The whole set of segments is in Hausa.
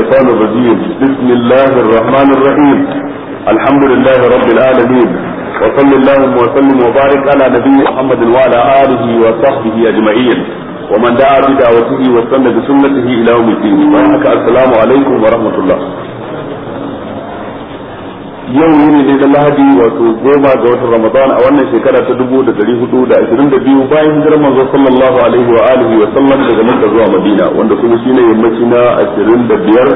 الشيطان الرجيم بسم الله الرحمن الرحيم الحمد لله رب العالمين وصل اللهم وسلم وبارك على نبي محمد وعلى اله وصحبه اجمعين ومن دعا بدعوته واستنى بسنته الى يوم الدين السلام عليكم ورحمه الله yau yini ne da lahadi wato goma ga watan ramadan a wannan shekara ta dubu da dari hudu da ashirin da biyu bayan hijirar manzo sallallahu alaihi wa alihi wa sallam daga makka zuwa madina wanda kuma shine yammaci na ashirin da biyar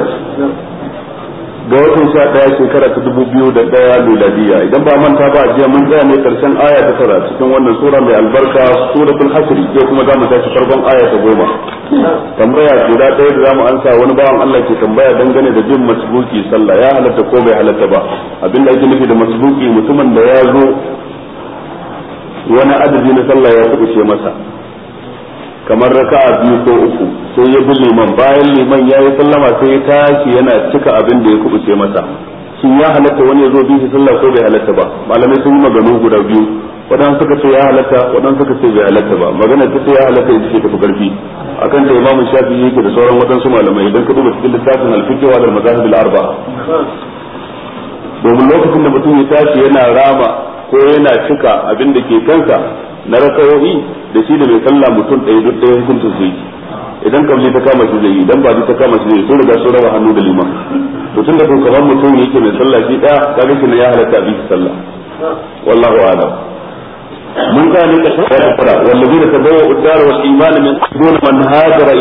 ga watan sha daya shekara ta dubu biyu da daya luladiya idan ba manta ba a jiya mun tsaya ne karshen aya ta tara cikin wannan sura mai albarka sura suratul hasri yau kuma za mu tashi farkon aya ta goma tambaya guda ɗaya da za mu ansa wani bawan Allah ke tambaya dangane da bin masbuki sallah ya halatta ko bai halatta ba abinda ake nufi da masbuki mutumin da ya zo wani adadi na sallah ya kuɓuce masa kamar raka'a biyu ko uku sai ya bi liman bayan liman ya yi sallama sai ya tashi yana cika abin da ya kubuce masa shin ya halatta wani ya zo bi shi sallah ko bai halatta ba malamai sun yi maganganu guda biyu wadan suka ce ya halatta wadan suka ce bai halatta ba magana ta ce ya halatta ita ce tafi karfi akan da imamu shafi yake da sauran wadansu malamai idan ka duba cikin littafin al-fiqh wa al-mazahib al-arba'a domin lokacin da mutum ya tashi yana rama ko yana cika abin da ke kansa na rakayoyi da shi da mai sallah mutum ɗaya duk ɗaya hukuncin su yi idan kabli ta kama shi zai yi idan ba ta kama shi zai yi sun riga sun raba hannu da liman to tunda kun kamar mutum ne yake mai sallah shi ɗaya kaga shi ne ya halatta a bisa sallah wallahu a'lam mun ga ne ka tsaya fara wallazina tabawwa'u ad-dar wal iman min dun man hajara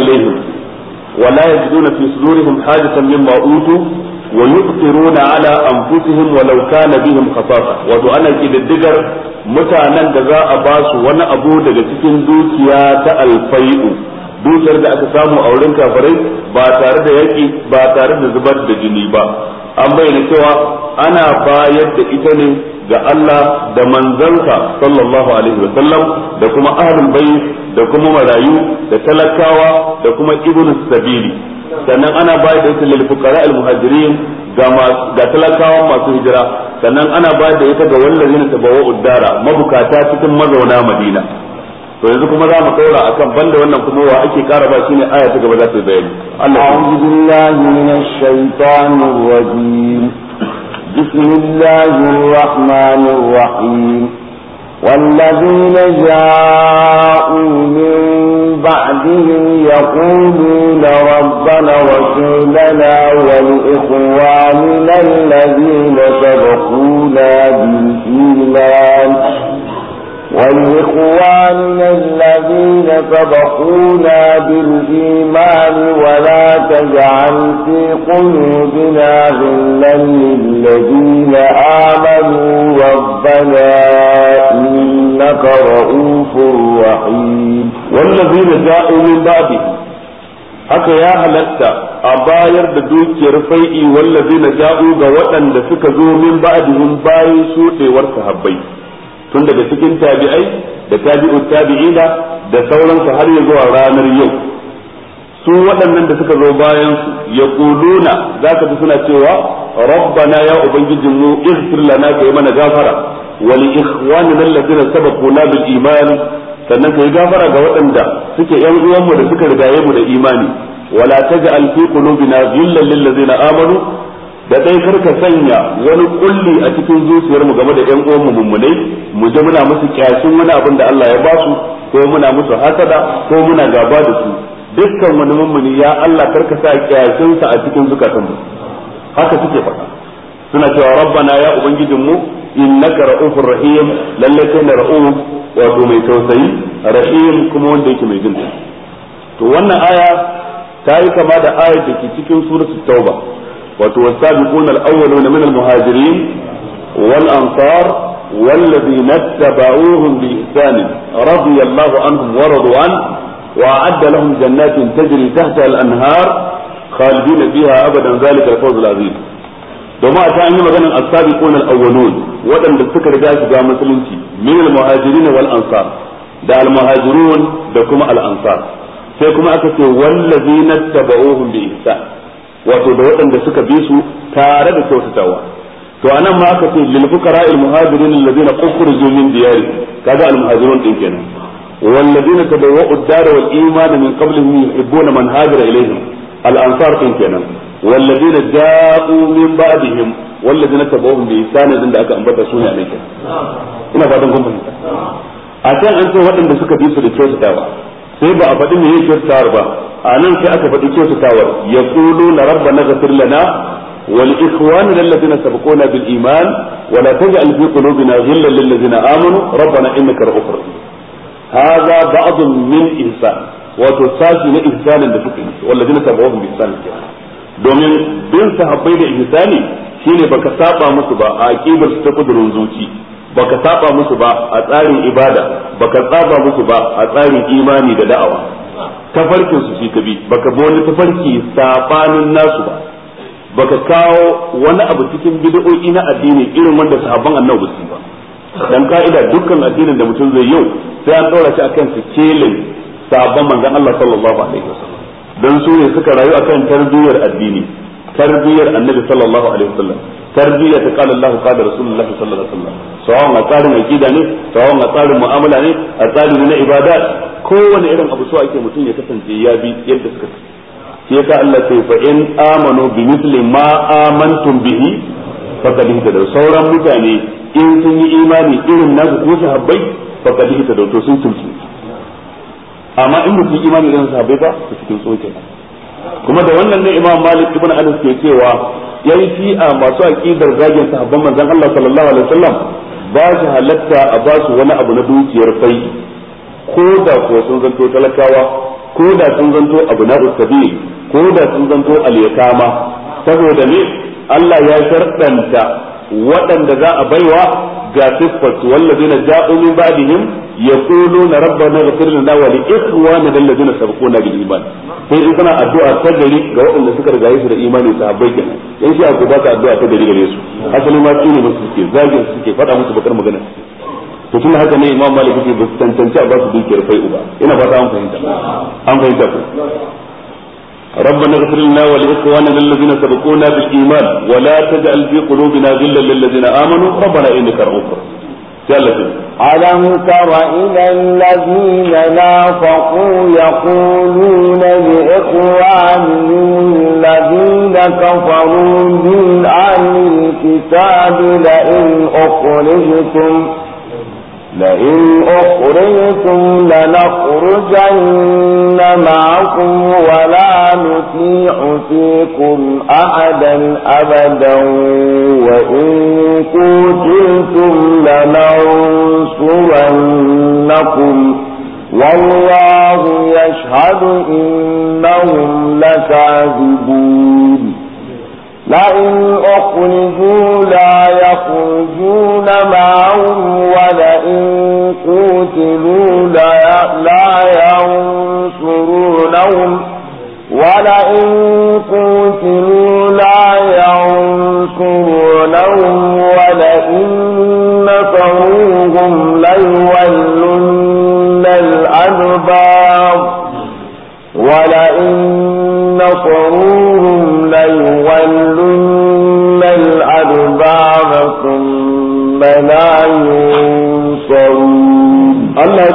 wa na ala anfusihim walau kana bihim khasasa wato ana kididdigar mutanen da za a basu wani abu daga cikin dukiya ta alfai'u dukiyar da aka samu a wurin kafirai ba tare da yaki ba tare da zubar da jini ba an bayyana cewa ana bayar da ita ne ga Allah da manzanka sallallahu da kuma ahalin bai. da kuma marayu da talakawa da kuma ibnu sabili sannan ana bayar da ita lil fuqara al muhajirin ga talakawa masu hijira sannan ana bayar da ita ga wallazina tabawu uddara mabukata cikin mazauna madina to yanzu kuma za mu kaura akan banda wannan kuma wa ake kara ba shine aya ta gaba za ta bayani Allah a'udhu billahi minash shaitanir rajim bismillahir rahmanir rahim والذين جاءوا من بعدهم يقولون ربنا وسيلنا ولإخواننا الذين سبقونا بالإيمان ولإخواننا الذين سبقونا بالإيمان ولا تجعل في قلوبنا غلا للذين آمنوا ربنا إنك رؤوف رحيم والذين جاءوا من بعده haka ya halatta a bayar da dukiyar fai'i wallazina ja'u ga waɗanda suka zo min ba'dihim bayan shuɗewar sahabbai tun daga cikin tabi'ai da tabi'ut tabi'ina da sauransu har ya zuwa ranar yau su waɗannan da suka zo bayan su ya kuluna za ka fi suna cewa rabbana ya ubangijin mu ighfir lana kai mana gafara wa li ikhwanina alladhina sabaquna bil iman sannan kai gafara ga waɗanda suke yan mu da suka rigaye mu da imani wala taj'al fi qulubina ghillan lil ladzina amanu da dai karka sanya wani kulli a cikin zuciyar mu game da ƴan uwan mu mummunai mu je muna musu kyashin wani abin da Allah ya basu su ko muna musu hasada ko muna gaba da su dukkan wani mummuni ya Allah karka sa kyashin sa a cikin zukatan mu haka suke faɗa suna cewa rabbana ya ubangijin mu innaka ra'ufur rahim lalle kai ra'uf wato mai tausayi rahim kuma wanda yake mai jin to wannan aya ta yi kama da ayar da ke cikin suratul tauba وتو السابقون الاولون من المهاجرين والانصار والذين اتبعوهم باحسان رضي الله عنهم ورضوا عنه واعد لهم جنات تجري تحتها الانهار خالدين فيها ابدا ذلك الفوز العظيم. وما كان يوم غنى السابقون الاولون ودم بالفكر ذلك جاء مسلمتي من المهاجرين والانصار. دا المهاجرون بكم الانصار. سيكون اكثر والذين اتبعوهم باحسان. wato da waɗanda suka bi su tare da kyautatawa to anan ma aka ce lil fuqara al muhajirin alladhina ukhrijoo min diyari kaga al muhajirun din kenan wal ladina tabawwa'u ad-dar wal iman min qablihim yuhibbuna man hajara ilayhim al ansar din kenan wal ladina ja'u min ba'dihim wal ladina tabawwa'u bi ihsan da aka ambata su ne alaikum ina a can an waɗanda suka bi su da kyautatawa sai ba a faɗi me yake kyautatawar ba a nan sai aka faɗi kyautatawar ya kulu na rabba na gafir lana wal ikhwanu lallazina sabaquna bil iman wa la taj'al fi qulubina ghillan lil ladzina amanu rabbana innaka ra'ufur rahim hadha ba'd min ihsan wato sashi na ihsanin da suka yi wallazina sabaquna bi ihsan domin bin sahabbai da ihsani shine baka saba musu ba a aqidar su ta kudurin zuci baka saba musu ba a tsarin ibada baka saba musu ba a tsarin imani da da'awa tafarkin su shi bi baka bi wani tafarki sabanin nasu ba baka kawo wani abu cikin bid'o'i na addini irin wanda sahabban annabi su ba dan ka'ida dukkan addinin da mutum zai yau sai an daura shi akan kelin sahabban manzon Allah sallallahu alaihi wasallam dan su ne suka rayu akan tarbiyyar addini tarbiyyar annabi sallallahu alaihi wasallam tarbiyyar ta qala Allah qala rasulullahi sallallahu alaihi wasallam sawan a tsarin akida ne sawan a tsarin mu'amala ne a tsarin na ibada kowane irin abu so ake mutum ya kasance ya bi yadda suka ce yasa Allah sai fa in amanu bi misli ma amantum bihi faqad da sauran mutane in sun yi imani irin naku ko sahabbai faqad da to sun tuntu amma in mutum imani irin sahabbai ba su cikin tsoke kuma da wannan ne Imam Malik ibn Anas ke cewa yan a masu aqidar zagin sahabban manzon Allah sallallahu alaihi wasallam ba su halatta a ba su wani abu na dukiyar fai ko da ko sun zanto talakawa ko da sun zanto abu na ustabi ko da sun zanto alyakama saboda ne Allah ya sharɗanta waɗanda za a baiwa ga siffatu wallazina ja'u min ba'dihim يقولون ربنا اغفر لنا ولاخواننا الذين سبقونا بالايمان sai in kana addu'a ta gari ga waɗanda suka rigaye su da imani sahabbai kenan in shi ku baka addu'a ta gari gare su asali ma su musu suke zagin suke faɗa musu bakar magana to tun haka ne imam malik yake ba tantance ba su dukiyar fai uba ina fata an fahimta an fahimta ku ربنا اغفر لنا ولاخواننا الذين سبقونا بالايمان ولا تجعل في قلوبنا غلا للذين امنوا ربنا انك رؤوف رحيم ألم تر إلى الذين نافقوا يقولون لإخوانهم الذين كفروا من أهل الكتاب لئن أخرجتم لئن أخرجتم لنخرجن معكم ولا نطيع فيكم أحدا أبدا وإن قتلتم لننصرنكم والله يشهد إنهم لكاذبون لئن أخرجوا لا يخرجون معهم ولئن قتلوا لا ينصرونهم ولئن قتلوا لا ينصرونهم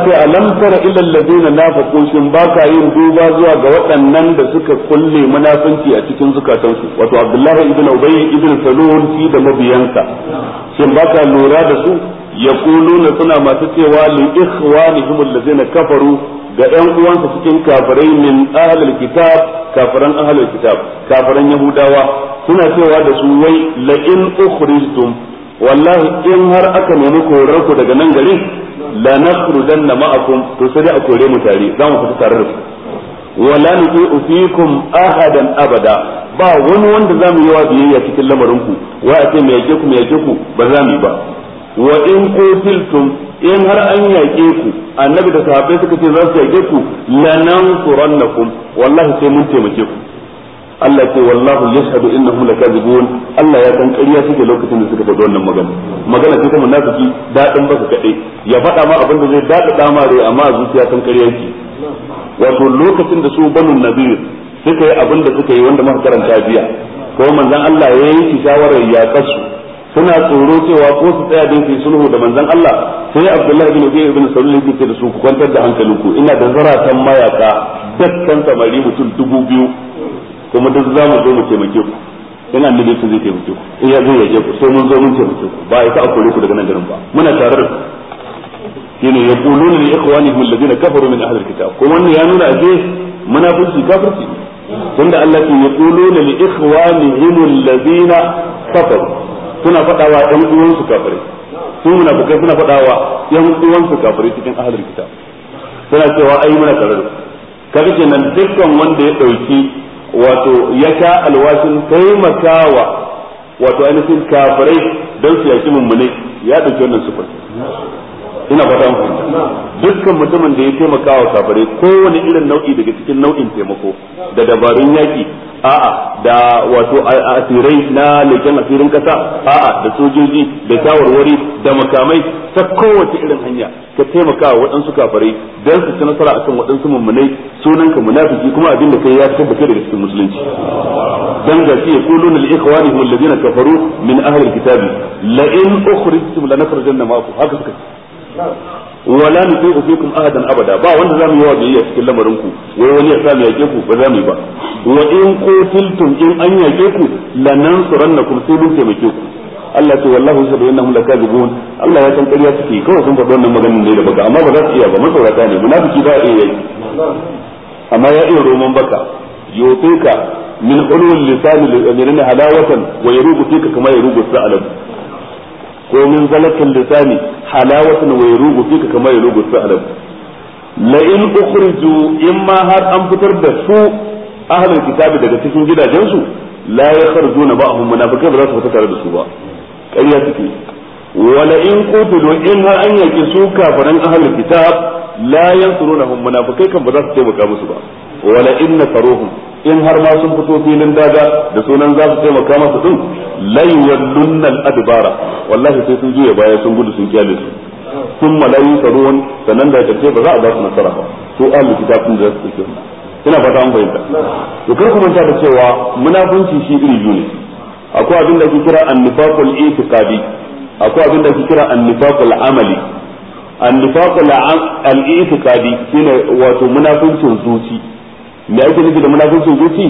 ce alam tara ila alladhina nafaqu sun ba ka yin duba zuwa ga waɗannan da suka kulle munafunci a cikin zukatansu wato abdullahi ibn ubay ibn salul fi da mabiyansa shin ba lura da su yaquluna suna masu cewa li ikhwanihim alladhina kafaru ga ɗan uwansa cikin kafirai min ahlul kitab kafiran ahlul kitab kafiran yahudawa suna cewa da su wai la in ukhrijtum wallahi in har aka nemi korar ku daga nan gari. la nakhrujanna ma'akum to sai a kore mu tare za mu fita tare da ku wala nuqi'u fikum ahadan abada ba wani wanda zamu yi wa biyayya cikin lamarin ku wa a ce me yake ku me yake ku ba za mu ba wa in qutiltum in har an yake ku annabi da sahabbai suka ce za su yake ku lanansurannakum wallahi sai mun taimake ku Allah ce wallahu yashhadu innahum lakazibun Allah ya san ƙarya suke lokacin da suka faɗi wannan magana magana ce ta munafiki dadin baka kade ya faɗa ma abin da zai dadada ma rai amma zuciya san ƙarya yake wato lokacin da su banu nadir suka yi abin da suka yi wanda muka karanta biya ko manzon Allah ya yi shawarar ya kasu suna tsoro cewa ko su tsaya din su sulhu da manzon Allah sai Abdullah ibn Ubay ibn Salul yake ce da su ku kwantar da hankalinku ina da zaratan mayaka dakkan samari mutum dubu biyu kuma duk za mu zo mu taimake ku in annabi sun zai taimake ku in ya zai yake ku sai mun zo mun taimake ku ba ita a kore ku daga nan garin ba muna tare da ku shine yaquluna li ikhwanihim alladhina kafaru min ahli alkitab ko wannan ya nuna aje munafiki kafarci. tunda Allah ya yaquluna li ikhwanihim alladhina kafaru suna fadawa ɗan uwansu kafirai sun bukai suna fadawa ɗan uwansu kafirai cikin ahli alkitab suna cewa ai muna tare da ku kaga kenan dukkan wanda ya dauki wato ya sha alwashin taimakawa wato ainihin kafirai don su yaki mummune ya ɗauki wannan sufar ina fata an dukkan mutumin da ya taimaka wa kafare kowane irin nau'i daga cikin nau'in taimako da dabarun yaki a'a da wato asirai na leken asirin kasa a'a da sojoji da shawarwari da makamai ta kowace irin hanya ka taimaka wa waɗansu kafare don su ci nasara akan waɗansu mummunai sunanka munafiki kuma abin da kai ya tabbata daga cikin musulunci dan ga shi yaquluna li ikhwanihim alladhina kafaru min ahli alkitabi la in ukhrijtum mako ma'akum haka suka wala nutu fikum ahadan abada ba wanda zamu yi wa biyayya cikin lamarin ku wai wani ya sami yake ku ba zamu yi ba wa in qutiltum in an yake ku lanansurannakum sai mun muke ku Allah ce wallahu sabu innahum lakazibun Allah ya san ƙarya suke kawai sun faɗi wannan maganin ne da baka amma ba za su iya ba masaurata ne munafiki ba iya yi amma ya iya roman baka yutika min ulul lisan eh, min halawatan wa yarubu fika kama yarubu sa'alam ko min zalakal lisani halawatan wa yarugu fika kama yarugu sa'alab la in ukhriju imma har an fitar da su ahlul kitabi daga cikin gidajensu la yakhrujuna ba'hum munafiqun ba za su fita tare da su ba take wa wala in qutilu in har an yaki su kafaran ahlul kitab la yansurunahum munafiqun kan ba za su taimaka musu ba wala in nasaruhum in har ma sun fito filin daga da sunan za su taimaka masa din lai wallunna al-adbara wallahi sai sun juya baya sun gudu sun kyale su sun malayu saruwan sannan da kace ba za a ba su nasara ba su ahlul kitab sun da su ke ina fata an bayyana to kar ku manta da cewa munafunci shi iri biyu ne akwai abin da ake kira an-nifaqul itiqadi akwai abin da ake kira an amali an-nifaqul al-itiqadi shine wato munafuncin zuci. me ake nufi da munafincin zuci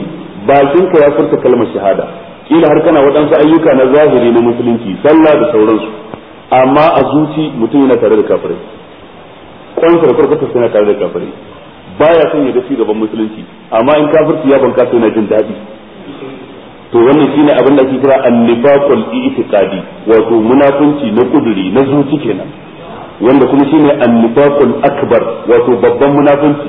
bakin ka ya furta kalmar shahada kila har kana waɗansu ayyuka na zahiri na musulunci sallah da sauransu amma a zuci mutum yana tare da kafirai kwansa da farko yana tare da kafirai baya son ya ga ci gaban musulunci amma in kafirci ya banka yana jin daɗi to wannan shine abin da ake kira annifaqul i'tiqadi wato munafunci na kuduri na zuci kenan wanda kuma shine annifaqul akbar wato babban munafunci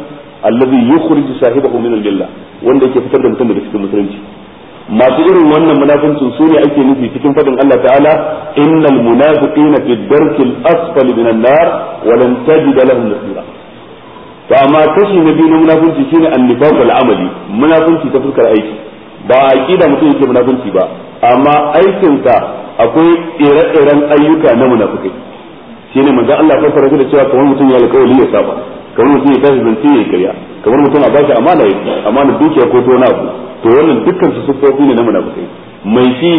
allazi yukhriju sahibahu min al-milla wanda yake fitar da mutum daga cikin musulunci masu irin wannan munafincin su ne ake nufi cikin fadin Allah ta'ala innal munafiqina fi darkil asfali minan nar wa lan tajid lahum nasira to amma kashi na biyu na munafinci shine an-nifaq al-amali munafinci ta fuskar aiki ba kida mutum yake munafinci ba amma aikinsa akwai ire-iren ayyuka na munafikai shine manzo Allah ya fara da cewa kamar mutum ya alƙawari ya saba kamar mutum ya tashi zance ya karya kamar mutum a bashi amana amana dukiya ko tona abu to wannan dukkan su sufofi ne na munafikai mai shi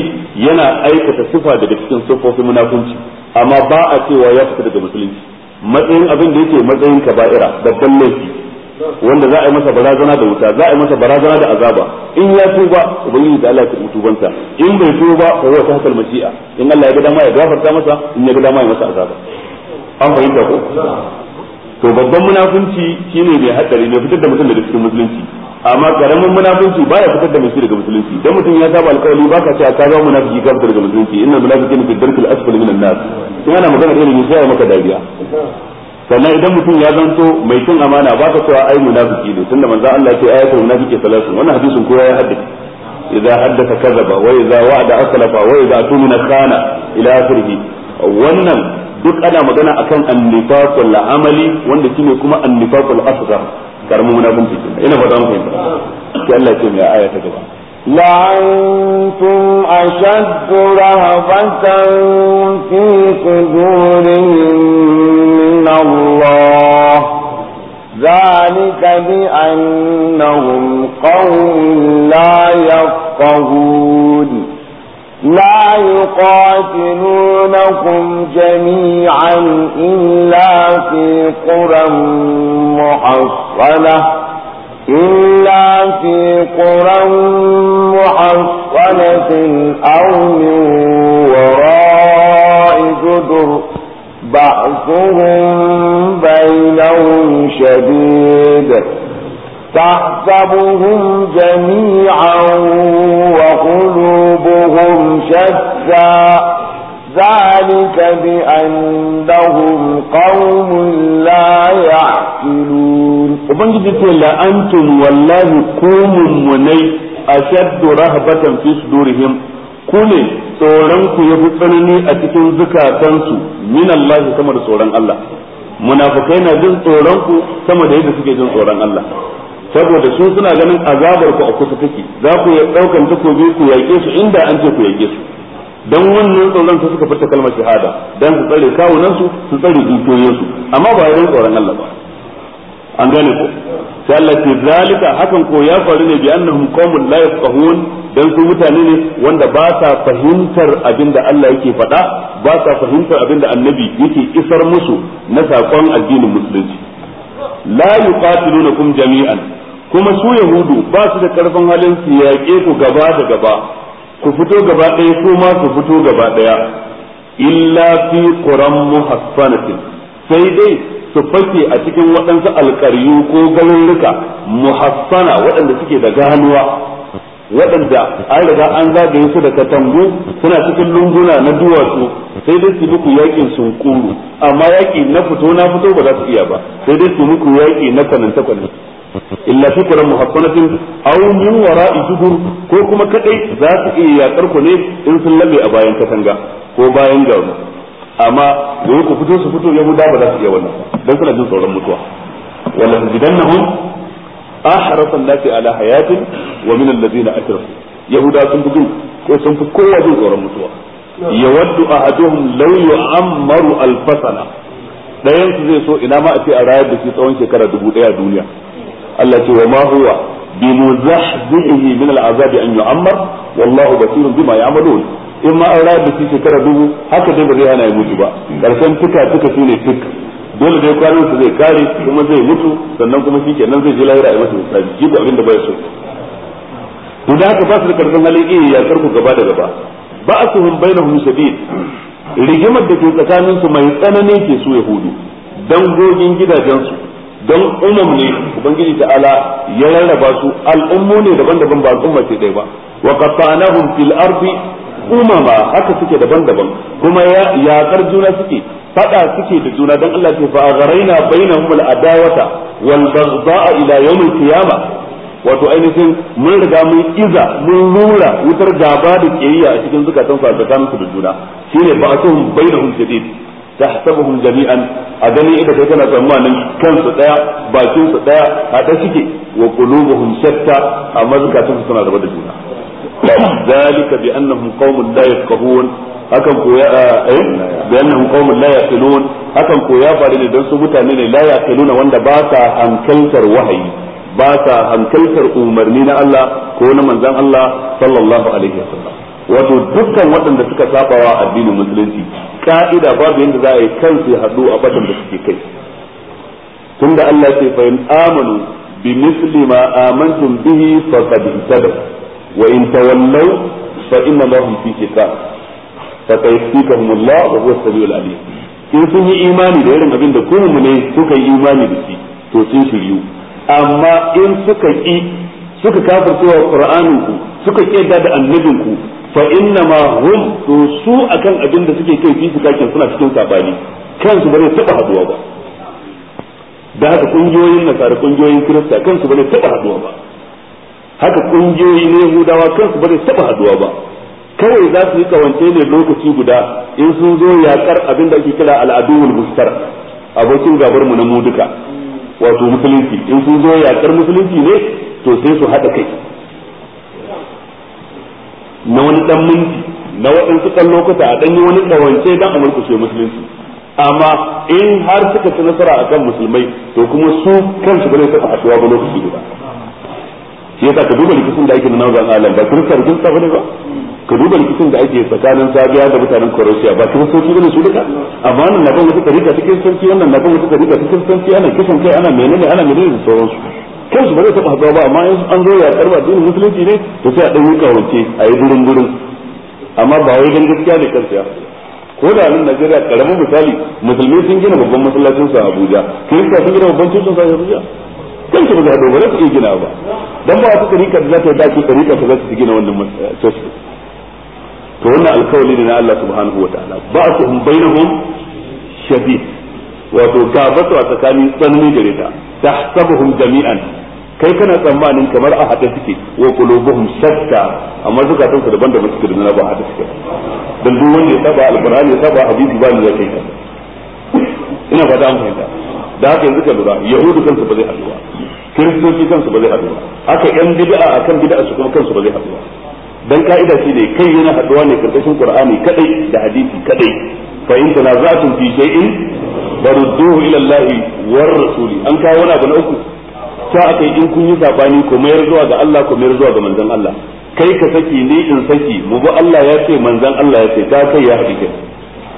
yana aikata sufa daga cikin siffofin munafunci amma ba a cewa ya fita daga musulunci matsayin abin da yake matsayin kaba'ira babban laifi wanda za a yi masa barazana da wuta za a yi masa barazana da azaba in ya tuba ubangiji da Allah ya tuba tubanta in bai tuba fa huwa tahtal mashi'a in Allah ya ga dama ya gafarta masa in ya ga dama ya masa azaba an fahimta ko to babban munafunci shine mai hatsari mai fitar da mutum daga cikin musulunci amma karamin munafunci baya fitar da mutum daga musulunci dan mutum ya saba alƙawari baka cewa ka zama munafiki ka fitar daga musulunci innal munafiqina fi darkil asfali minan nas in ana magana ilimi sai ya maka dariya sannan idan mutum ya zanto mai cin amana ba ka cewa ai munafiki ne tunda manzo Allah ya ce ayatul munafiki salatu wannan hadisin kowa ya haddace idza haddatha kadhaba wa idza wa'ada akhlafa wa idza tumina khana ila akhirih wannan duk ana magana akan annifaqul amali wanda shine kuma annifaqul asghar karamu munafinci ina fata muku sai Allah ya ce mai aya ta gaba لعنتم أشد رهبة في صدورهم من الله ذلك بأنهم قوم لا يفقهون لا يقاتلونكم جميعا إلا في قرى محصنة إلا في قرى محصنة أو من وراء جدر بعثهم بينهم شديد تحسبهم جميعا وقلوبهم شتى ذلك بأنهم قوم لا يعقلون وبنجد لا أنتم والله قوم مني أشد رهبة في صدورهم كل tsoronku ya fi tsanani a cikin zukatansu min Allah sama da tsoron Allah munafukai na jin tsoronku sama da yadda suke jin tsoron Allah saboda su suna ganin azabar ku a kusa take za ku ya daukan takobi ku yake su inda an ce ku yake su dan wannan tsoron su suka fita kalmar shahada dan su tsare kawunan su su tsare dukiyoyin su amma ba yayin tsoron Allah ba an gane ko sai Allah ce zalika hakan ko ya faru ne bi annahum qaumun la yafqahun dan su mutane ne wanda ba sa fahimtar abinda Allah yake faɗa ba sa fahimtar abinda annabi yake isar musu na sakon addinin musulunci la yuqatilunakum jami'an kuma su yahudu ba su da karfin halin su yaƙe ku gaba da gaba ku fito gaba ɗaya ko ma su fito gaba ɗaya illa fi quran muhassanatin sai dai su fake a cikin waɗansu alƙaryu ko garuruka muhassana waɗanda suke da ganuwa waɗanda an riga an zagaye su da katangu suna cikin lunguna na duwatsu sai dai su muku yaƙin sunkuru amma yaƙi na fito na fito ba za su iya ba sai dai su muku yaƙi na kwanan kwananta illa shukran muhassanatin aw min wara'i judur ko kuma kadai za su iya yakar ku ne in sun labe a bayan katanga ko bayan garu amma da ku fito su fito yahuda ba za su iya wannan dan suna jin tsoron mutuwa wala tajidannahum ahrasa allati ala hayatin wa min alladhina asrafu yahuda sun fi ko sun fi kowa jin tsoron mutuwa yawaddu ahaduhum law yu'ammaru alfasana dayan zai so ina ma a ce a rayar da shi tsawon shekara dubu daya a duniya Allah ce wa ma huwa bi muzahzihi min al'azab an yu'ammar wallahu basirun bima ya'malun in ma an rayu da shekara dubu haka dai ba zai hana ya mutu ba karshen tuka tuka ne tuk dole dai kwanan su zai kare kuma zai mutu sannan kuma shi kenan zai je lahira a masa hisabi shi ko abin da bai so to da haka ba su da karfin halin iya yakar ku gaba da gaba na bainahum shadid rigimar da ke tsakanin su mai tsanani ke su yahudu dangogin gidajensu don umam ne ubangiji ta'ala ya rarraba su al'ummu ne daban-daban ba al'umma ce ɗaya ba wa qatanahum fil ardi umama haka suke daban-daban kuma ya juna suke fada suke da juna don Allah ce fa agharaina bainahum al adawata wal baghdha ila yawm al qiyamah wato ainihin mun riga mun iza mun lura wutar gaba da kiyayya a cikin zukatan su tsakanin su da juna shine ba ba'atuhum bainahum shadid tahsabuhum jami'an a gani ida kai kana tsammanin kansu daya bakin su daya a ta suke wa qulubuhum shatta amma zakatun suna rabu da juna zalika bi annahum qaumun la yafqahun hakan ko ya eh bi annahum qaumun la yaqilun hakan ko ya faru ne dan su mutane ne la yaqiluna wanda ba sa hankaltar wahayi ba sa hankaltar umarni na Allah ko na manzon Allah sallallahu alaihi wasallam wato dukkan waɗanda suka sabawa addinin musulunci ka'ida babu yadda za a yi kan ya haɗu a batun da suke kai tunda Allah ce fa in amanu bi misli ma amantum bihi qad ihtadaw wa in tawallaw fa inna ma fi shiqaq fa sayfikahum Allah wa huwa as-sami'ul alim in sun yi imani da irin abin da ku ne suka yi imani da shi to sun shiryu amma in suka ki suka kafircewa qur'anin ku suka kiyarda da annabinku fa inna ma hum to su akan abin da suke kai fi kakin suna cikin sabani kansu ba taba haduwa ba da haka kungiyoyin nasara kungiyoyin kirista kansu ba taba haduwa ba haka kungiyoyi ne hudawa kansu ba taba haduwa ba kawai za su yi kawance ne lokaci guda in sun zo yakar abin da ake kira al'adul mustar abokin gabar mu na mu duka wato musulunci in sun zo yakar musulunci ne to sai su haɗa kai na wani dan minti na waɗansu ɗan lokuta a ɗanyi wani ɗawance dan a murkushe musulunci amma in har suka ci nasara akan musulmai to kuma su kansu ba ne taɓa haɗuwa ba lokaci guda shi yasa ka duba rikicin da ake na nazan alam ba kirista kirista bane ba ka duba rikicin da ake tsakanin sabiya da mutanen Croatia ba ba bane su duka amma wannan na kan wata tarika ta kiristanci wannan na kan wata tarika ta kiristanci ana kisan kai ana menene ana menene da sauransu kansu ba zai taɓa haɗuwa ba amma in an zo ya karba dinin musulunci ne to sai a ɗan yi kawance a yi durin durin amma ba wai dan gaskiya ne kansa ko da nan Najeriya karamin misali musulmi sun gina babban masallacin su a Abuja kirista sun gina babban cocin su a Abuja kansu ba za a dogara su iya gina ba don ba su tarika da za ta yi daki tarika ta za su gina wannan eh, cocin to wannan alkawali ne na Allah subhanahu wa ta'ala ba su hum bainahum shafi. wato gabatu a tsakanin tsanani gare ta ta tahsabuhum jami'an kai kana tsammanin kamar a haɗe suke wa qulubuhum shatta amma zukatan su daban-daban suke da ba a haɗe suke dan duk wanda ya saba alqur'ani ya saba hadisi ba ni ya kai ina fata an fahimta da haka yanzu ka lura yahudu kansu ba zai haɗu ba kiristoci kansu ba zai haɗu ba haka yan bid'a akan bid'a su kuma kansu ba zai haɗu ba dan ka'ida shi ne kai yana haɗuwa ne karkashin qur'ani kadai da hadisi kadai fa in tanaza'tum fi shay'in farudduhu ila Allah war rasuli an kawo wani abu na uku ta aka yi in kun yi zabani ko mayar zuwa ga Allah ko mayar zuwa ga manzon Allah kai ka saki ni in saki mu ga Allah ya ce manzon Allah ya ce ta kai ya haɗike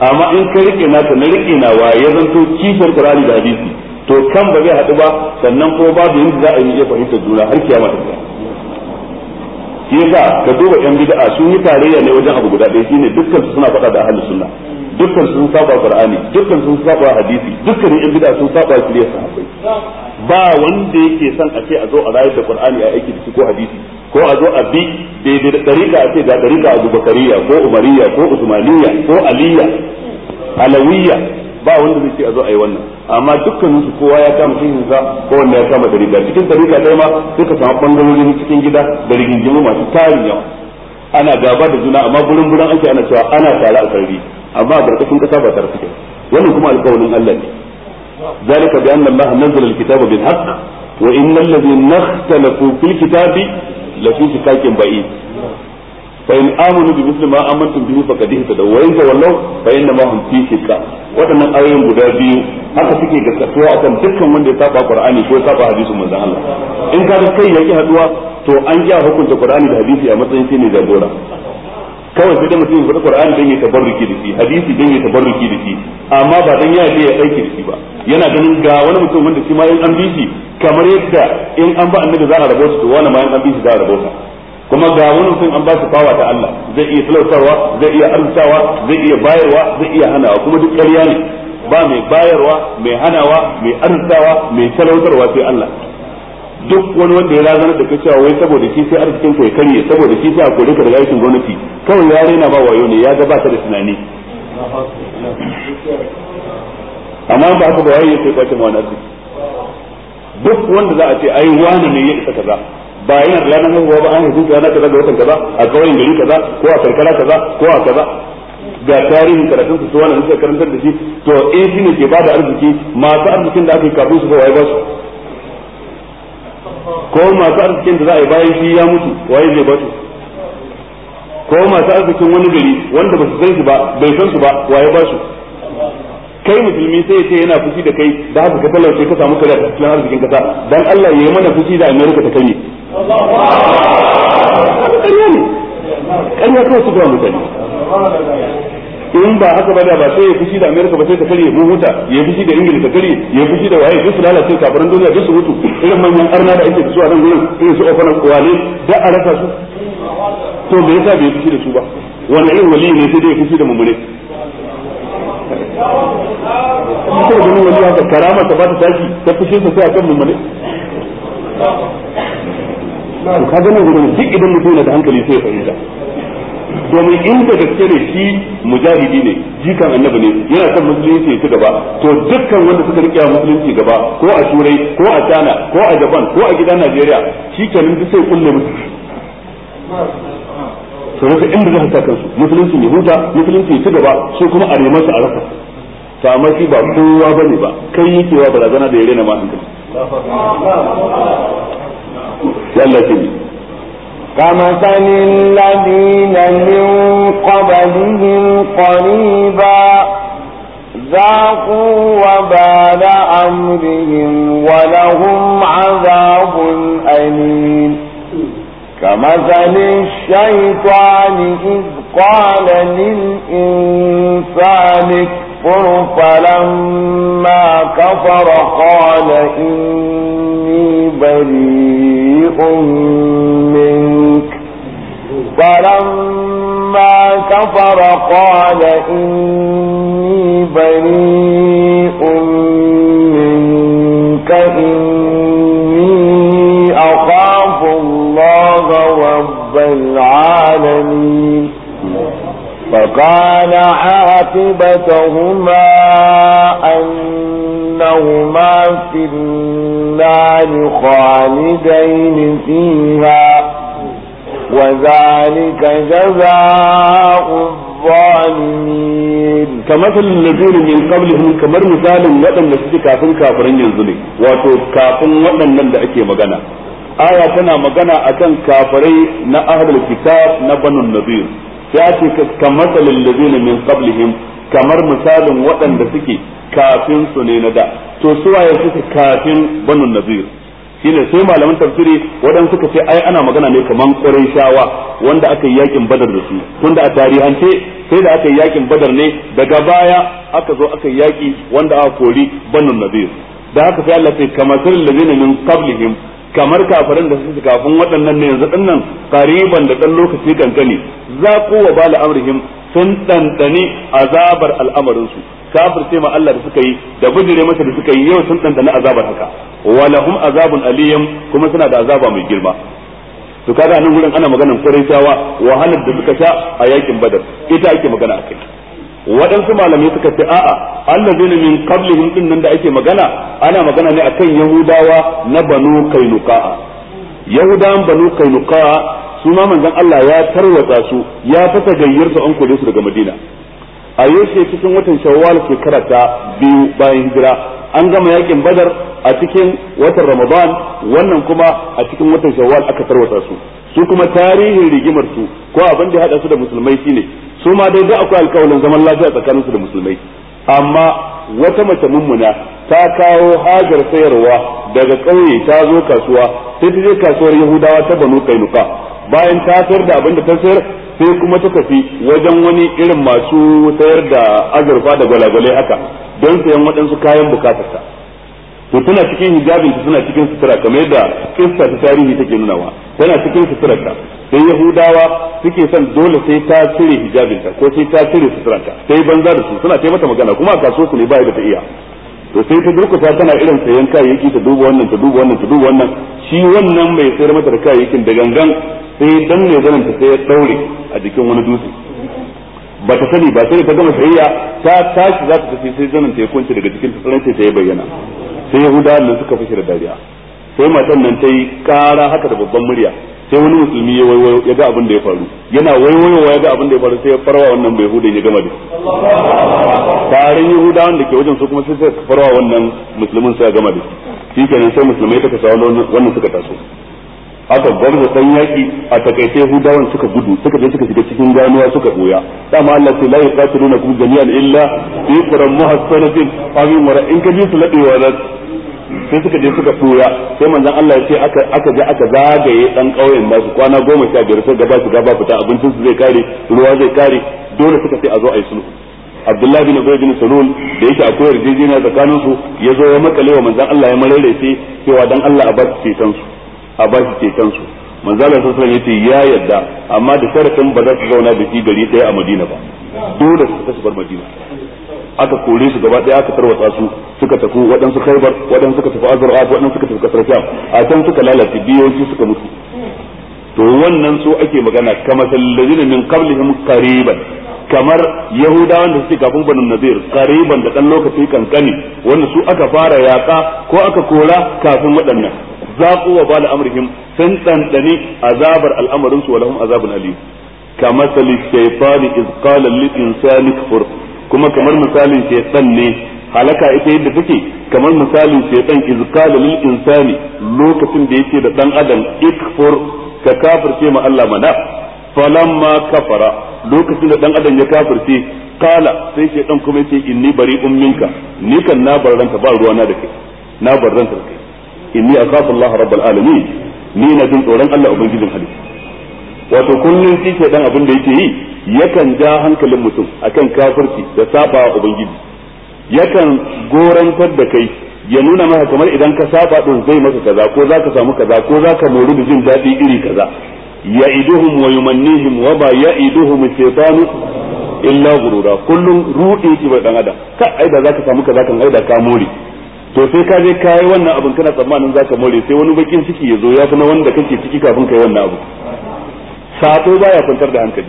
amma in ka rike naka na rike na wa ya zanto kishar Qur'ani da hadisi to kan ba zai haɗu ba sannan ko babu yanda za a yi ya fahimtar juna har kiyama ta shi yasa ka duba yan bid'a sun yi tarayya ne wajen abu guda ɗaya shine dukkan su suna faɗa da ahlus sunna dukkan sun saba qur'ani dukkan sun saba hadisi dukkan yan bid'a sun saba shirya sahabbai ba wanda yake son a ce a zo a rayar da qur'ani a aiki da su ko hadisi ko a zo a bi daidai da dariƙa a ce ga dariƙa abubakariya ko umariya ko usmaniya ko aliya alawiyya ba wanda zai ce a zo a yi wannan amma dukkanin su kowa ya kama cikin sa ko wanda ya kama riga cikin dariga dai ma suka samu bangarorin cikin gida da rigingimu masu tarin yawa ana gaba da juna amma gurin gurin ake ana cewa ana tare a sarari amma a ƙarƙashin ƙasa ba tare suke wannan kuma alƙawarin Allah ne nazzala بأن الله نزل الكتاب بالحق وإن الذين اختلفوا في la لفي شقاق ba'id fa in amanu bi misli ma amantum bihi faqad ihtadaw wa in tawallaw fa inna ma hum fi shiqaq wadannan ayoyin guda biyu haka suke gaskatuwa akan dukkan wanda ya saba qur'ani ko ya saba hadisin manzon Allah in ka da kai yake haduwa to an ga hukunta qur'ani da hadisi a matsayin ne jagora kawai sai da mutum ya faɗi Qur'ani dan ya tabarruki da shi hadisi dan ya tabarruki da shi amma ba dan ya je ya aiki da shi ba yana ganin ga wani mutum wanda shi ma yan an bi kamar yadda in an ba annabi za a rabo shi to wani ma yan an bi za a rabo shi kuma ga wani mutum an ba shi fawa ta Allah zai iya talautarwa zai iya arzikawa zai iya bayarwa zai iya hanawa kuma duk ƙarya ne ba mai bayarwa mai hanawa mai arzikawa mai talautarwa sai Allah duk wani wanda ya lazana da kai cewa wai saboda shi sai arzikin ka ya karye saboda shi sai a kore ka daga aikin gwamnati kawai ya raina ba wayo ne ya ga ba ta da tunani amma ba haka ba wai sai kwace ma wani arziki duk wanda za a ce ai wani ne ya isa kaza ba yin ranar haihuwa ba an zuciya na kaza ga watan kaza a kawai da yi kaza ko a karkara kaza ko a kaza ga tarihin karatun su wannan suka karantar da shi to eh ne ke bada arziki masu arzikin da aka yi kafin su waye ba su ko masu arzikin da za a yi bayan shi ya mutu waye zai ba su ko masu arzikin wani gari wanda ba su san shi ba bai san su ba waye ba su kai musulmi sai ce yana fushi da kai da haka ka talauce ka samu kare a cikin arzikin kasa dan Allah ya yi mana fushi da Amerika ta kai ƙarya ne ƙarya kawai su gwa mutane in ba haka ba da ba sai ya fushi da amerika ba sai ka karye mu huta ya fushi da ingila ka karye ya fushi da waye duk su lalace kafaran duniya duk su mutu irin manyan arna da ake da a nan gurin irin su ofana kwale da a rasa su to me yasa bai fushi da su ba wani irin wali ne sai dai ya fushi da mummune kuma ganin wali haka karama ta ba ta tashi ta fushi ta sai akan mummune ka ga nan gurin duk idan mutum yana da hankali sai ya fahimta domin da gaske ne shi mujahidi ne jikan annabi ne yana son musulunci ya ci gaba to dukkan wanda suka rike musulunci gaba ko a turai ko a tana ko a japan ko a gidan najeriya shi kenan duk sai kulle musu to rasa inda za ta kansu musulunci ne huta musulunci ya ci gaba su kuma a neman su a rasa to amma shi ba kowa bane ba kai yake wa barazana da ya rena ma hankali يلا كده كمثل الذين من قبلهم قريبا ذاقوا وبال أمرهم ولهم عذاب أليم كمثل الشيطان إذ قال للإنسان يكفر فلما كفر قال إني بريء منك فلما كفر قال إني بريء منك إني أخاف الله رب العالمين فكان عاقبتهما أنهما في النار خالدين فيها وذلك جزاء الظالمين كمثل الذين من قبلهم كمر مثال ودن نسيت كافن كافرين ينزلي واتو كافن ودن من دعكي مغانا آية تنا مغانا أكن كافري نا أهل الكتاب نا بنو النذير ya ce ka matsalin lazina min qablihim kamar misalin waɗanda suke kafin su ne na da to suwaye suke kafin banu nazir shine sai malaman tafsiri waɗanda suka ce ai ana magana ne kaman shawa wanda aka yi yakin badar da su tunda a tarihance sai da aka yi yakin badar ne daga baya aka zo aka yi yaki wanda aka kori banu nazir da haka sai Allah sai kamar lazina min qablihim kamar kafirin da suke kafin waɗannan ne yanzu dinnan qariban da dan lokaci kankani ku wa bala amrihim sun ɗanɗani azabar al'amarin su sai ma Allah da suka yi da bijire masa da suka yi yau sun dandane azabar haka walahum azabun aliyam kuma suna da azaba mai girma to kaga nan gurin ana maganar Qurayshawa wahalar da suka sha a yakin Badar ita ake magana akai waɗansu malamai suka ce a'a Allah allazina min qablihim din nan da ake magana ana magana ne akan yahudawa na banu kainuka yahudawan banu kainuka su ma manzon Allah ya tarwata su ya fata gayyar su an kore su daga Madina a yau cikin watan Shawwal shekara ta biyu bayan hijira an gama yakin Badar a cikin watan Ramadan wannan kuma a cikin watan Shawwal aka tarwata su su kuma tarihin rigimar su ko abin da hada su da musulmai shine su ma dai duk akwai alƙawarin zaman lafiya tsakanin su da musulmai amma wata mace mummuna ta kawo hajar sayarwa daga ƙauye ta zo kasuwa sai ta je kasuwar yahudawa ta banu kainuka bayan ta sayar da abin da ta sayar sai kuma ta tafi wajen wani irin masu sayar da azurfa da gwalagwalai haka don sayan waɗansu kayan bukatarta to tana cikin hijabin ta tana cikin sutura kamar yadda kissa ta tarihi take nunawa tana cikin sutura ta sai yahudawa suke son dole sai ta cire hijabin ta ko sai ta cire sutura ta sai banza da su suna ta mata magana kuma a kaso su ne ba da ta iya to sai ta durkusa tana irin sayan kayayyaki ta duba wannan ta duba wannan ta duba wannan shi wannan mai sayar mata da kayayyakin da gangan sai dan ne ganin ta sai ya daure a jikin wani dutse ba ta sani ba sai ta gama sayayya ta tashi za ta tafi sai zanen ta ya kunce daga jikin ta ta ya bayyana sai yahudawa nan suka fashe da dariya sai matan nan ta yi kara haka da babban murya sai wani musulmi ya waiwayo ya ga abin da ya faru yana waiwayowa ya ga abin da ya faru sai ya farwa wannan bai hudun ya gama da tarin yahudawan da ke wajen su kuma sai suka farwa wannan musulmin sai ya gama da shi kenan sai musulmai suka sa wannan suka taso aka gwarzo dan yaki a takaice hudawan suka gudu suka je suka shiga cikin ganuwa suka boya dama Allah sai la kum jami'an illa fi quram muhassanatin amin wara in ka ji su ladewa za sai suka je suka boya sai manzon Allah ya ce aka aka je aka zagaye dan kauyen su kwana goma sha biyar sai gaba su gaba fita abincin su zai kare ruwa zai kare dole suka sai a zo a yi sulhu abdullahi bin ubay bin salul da yake akwai yarjejeniya na su ya zo ya makale wa manzon Allah ya mararrace cewa dan Allah a ba ceton su a ba shi ceton su manzala sallallahu alaihi wasallam ya yarda amma da sharadin ba za su zauna da shi gari ɗaya a Madina ba dole su tafi bar Madina aka kore su gaba ɗaya aka tarwatsa su suka tafi waɗansu Khaibar waɗansu suka tafi Azra'at waɗansu suka tafi kasar Sham a can suka lalace biyoyi suka mutu to wannan su ake magana kama sallallahu min qablihim qariban kamar yahudawan da suke kafin banu nazir qariban da dan lokaci kankani wanda su aka fara yaka ko aka kora kafin waɗannan zaqu wa bal amrihim sun dandane azabar al'amarin su walahum azabun alim kama sali shaytani iz qala lil insani kfur kuma kamar misalin shaytan ne halaka ita yadda take kamar misalin shaytan iz qala lil insani lokacin da yake da dan adam ikfur ka kafirce ma Allah mana falamma kafara lokacin da dan adam ya kafirce kala sai shaytan kuma yace inni bari'un minka ni kan na bar barranta ba ruwa na da kai na bar barranta da kai inni akhafu Allah rabbul alamin ni na jin tsoron Allah ubangijin halittu wato kullun shi dan abin da yake yi yakan ja hankalin mutum akan kafirci da saba ubangiji yakan gorantar da kai ya nuna maka kamar idan ka saba din zai maka kaza ko zaka samu kaza ko zaka mori da jin dadi iri kaza ya'iduhum wa yumannihim wa ba ya'iduhum shaytanu illa gurura kullun rudi ki ba dan adam ka ai da zaka samu kaza kan ai da ka mori. to sai ka je ka wannan abin kana tsammanin za ka more sai wani bakin ciki ya zo ya fi na wanda kake ciki kafin ka yi wannan abu sato baya kwantar da hankali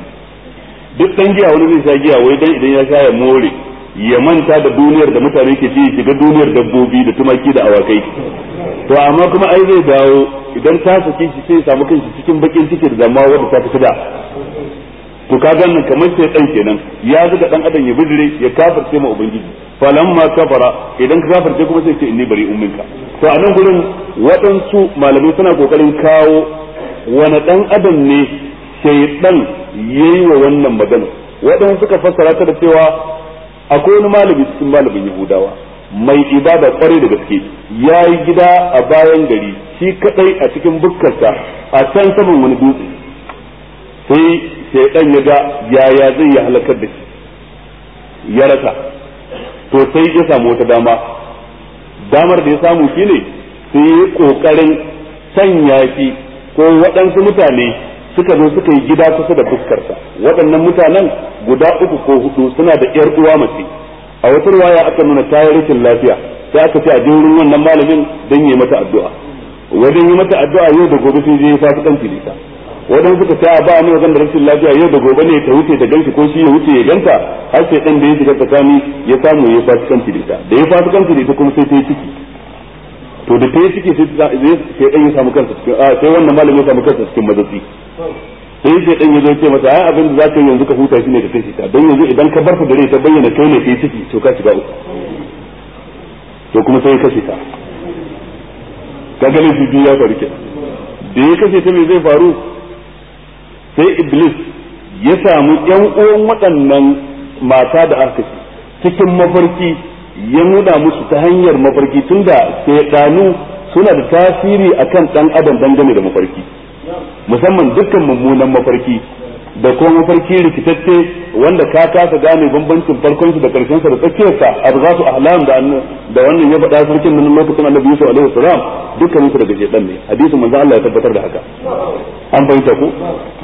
duk dan giya wani zai sha giya wai dan idan ya sha ya more ya manta da duniyar da mutane ke ji shiga duniyar dabbobi da tumaki da awakai to amma kuma ai zai dawo idan ta saki shi sai samu kanshi cikin bakin ciki da zama wanda ta fi da to ka ganin kamar sai dan kenan ya zuga dan adam ya bidire ya kafirce ma ubangiji falamma kafara idan ka kafirce kuma sai ce inni bari umminka to anan gurin waɗansu malamai suna kokarin kawo wani dan adam ne shaydan yayi wa wannan magana waɗansu suka fassara ta da cewa akwai wani malami cikin malamin yahudawa mai ibada kwarai da gaske ya yi gida a bayan gari shi kadai a cikin bukkarsa a can saman wani dutse sai sai dan ya ga yaya zai ya halakar da shi ya rasa to sai ya samu wata dama damar da ya samu shine sai ya kokarin sanya shi ko waɗansu mutane suka zo suka yi gida kusa da fuskarsa waɗannan mutanen guda uku ko hudu suna da yar uwa mace a wata ruwaya aka nuna yi rashin lafiya sai aka ce a je wurin wannan malamin don yi mata addu'a wajen yi mata addu'a yau da gobe sai je ya su ɗan filisa wadan suka ta ba ni wajen da rashin lafiya yau da gobe ne ta wuce ta ganki ko shi ya wuce ya ganta har sai dan da ya shiga tsakani ya samu ya fasikanci da ita da ya fasikanci da ita kuma sai ta yi ciki to da ta yi ciki sai dan ya samu kansa cikin a sai wannan malami ya samu kansa cikin mazafi sai sai dan ya zo ce masa ai abin da zaka yi yanzu ka huta shi ne ka tafi ta dan yanzu idan ka bar ka rai ta bayyana kai ne kai ciki to ka shiga uku to kuma sai ka ta kaga ne biyu ya faru ke da ya kashe ta me zai faru sai iblis ya samu yan uwan waɗannan mata da aka cikin mafarki ya nuna musu ta hanyar mafarki tunda shaytanu suna da tasiri akan dan adam dangane da mafarki musamman dukkan mummunan mafarki da kuma mafarki rikitacce wanda ka kasa gane bambancin farkon su da karshen sa da tsakiyar sa su ahlam da da wannan ya faɗa sarkin nan lokacin Annabi Yusuf alaihi salam dukkan su daga jeɗan ne hadisin manzo Allah ya tabbatar da haka an bayyana ku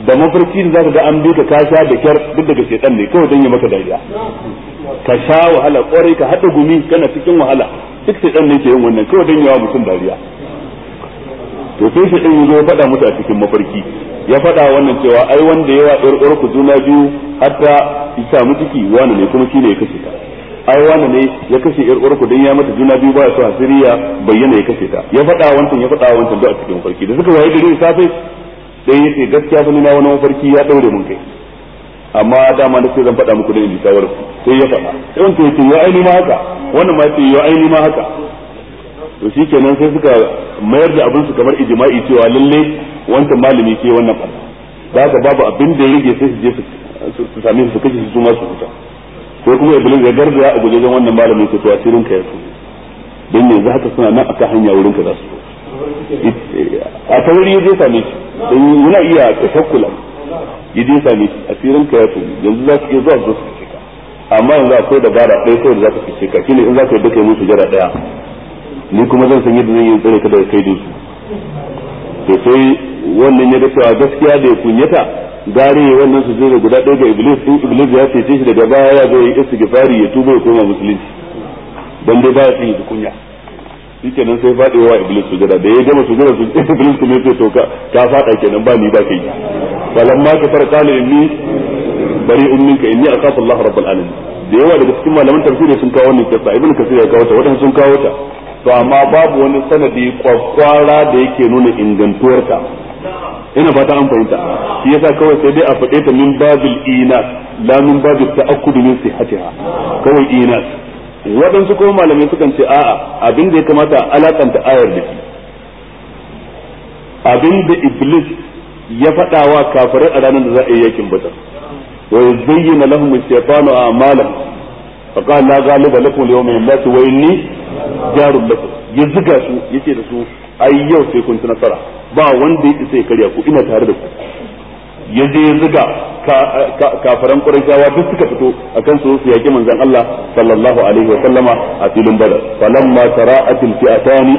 da mafarki da zaka ga an bi ka kasha da kyar duk daga jeɗan ne kawai dan ya maka dariya ka sha wahala kwarai ka hada gumi kana cikin wahala duk shedan ne ke yin wannan kawai dan wa mutum dariya to sai shi din zo faɗa musu a cikin mafarki ya faɗa wannan cewa ai wanda yawa ɗar ku juna biyu hatta isa mu ciki wani ne kuma shine ya kashe ta ai wani ne ya kashe ɗar ɗar ku dan ya mata juna biyu ba ya so asiriya bayyana ya kashe ta ya faɗa wancan ya faɗa wancan duk a cikin mafarki da suka waye gari safe dan ce gaskiya fa ni na wani mafarki ya daure mun kai amma dama na ce zan faɗa muku da in ji shawar sai ya faɗa sai ya yace yo aini ma haka wannan ma yace yo aini ma haka to shi kenan sai suka mayar da abin su kamar ijma'i cewa lalle wancan malami ke wannan barna da haka babu abin da yake sai su je su sami su kace su ma su fita ko kuma iblis ya garzaya a gujejen wannan malamin su to a cikin ka ya tuni ne yanzu haka suna nan aka hanya wurin ka za su a ta wuri yaje same shi don yana iya ka tafakkula yaje same shi cikin ka ya yanzu za su iya zuwa su amma yanzu akwai dabara ɗaya kawai da za ka fice ka shine in za ka yi duka yi musu jara ɗaya ni kuma zan san yadda zan yi tsare ka daga kai su to sai wannan ya ga cewa gaskiya da ya kunyata gare wannan su zai guda ɗaya ga iblis in iblis ya ce shi daga baya ya zo ya istighfari ya tuba ya koma musulunci dan dai baya sun yi kunya shikenan sai fadewa iblis gada da ya gama su gada su iblis kuma ce to ka ka faɗa kenan ba ni ba kai ma ka fara kana inni bari'un ka inni akhafu Allah rabbul alamin da yawa daga cikin malaman tafsiri sun kawo wannan kissa ibnu kasir ya kawo ta wadansu sun kawo ta to amma babu wani sanadi kwakwara da yake nuna ingantuwarta ina fata an fahimta shi yasa kawai sai dai a faɗe ta min babil ina la min babil ta'akkud min sihhatiha kawai ina waɗansu kuma malamai sukan ce a'a abin da ya kamata a alakanta ayar da shi abin da iblis ya faɗawa kafirai a ranar da za a yi yakin badar wa yuzayyana lahum ash-shaytanu a'malahum فقال لا غالب لكم yawma من wa inni jarun lakum ya ziga su yace da su ai yau sai kun ci nasara ba wanda ya isa ya karya ku ina tare da ku ya je ya ziga kafaran qurayshawa duk suka fito akan su su yaki manzon Allah sallallahu alaihi wa sallama a filin badar falamma tara'atil fi'atani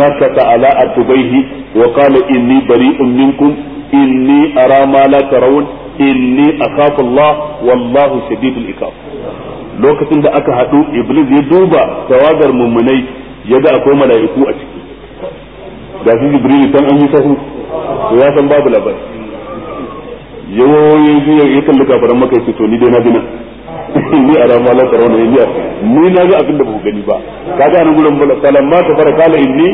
nakata ala atubaihi wa qala inni bari'un minkum inni ara ma la tarawun inni akhafu Allah wallahu shadidul iqab lokacin da aka haɗu iblis ya duba tawagar mummunai ya ga akwai mala'iku a ciki ga shi jibril tan an yi sahu to ya san babu labari yawoyi ji ya kalli kafaran maka yake to ni dai na gina ni a rama la tarawna ni ni na ga abin da ba ku gani ba ga nan gurin bala salam ma ta fara kala inni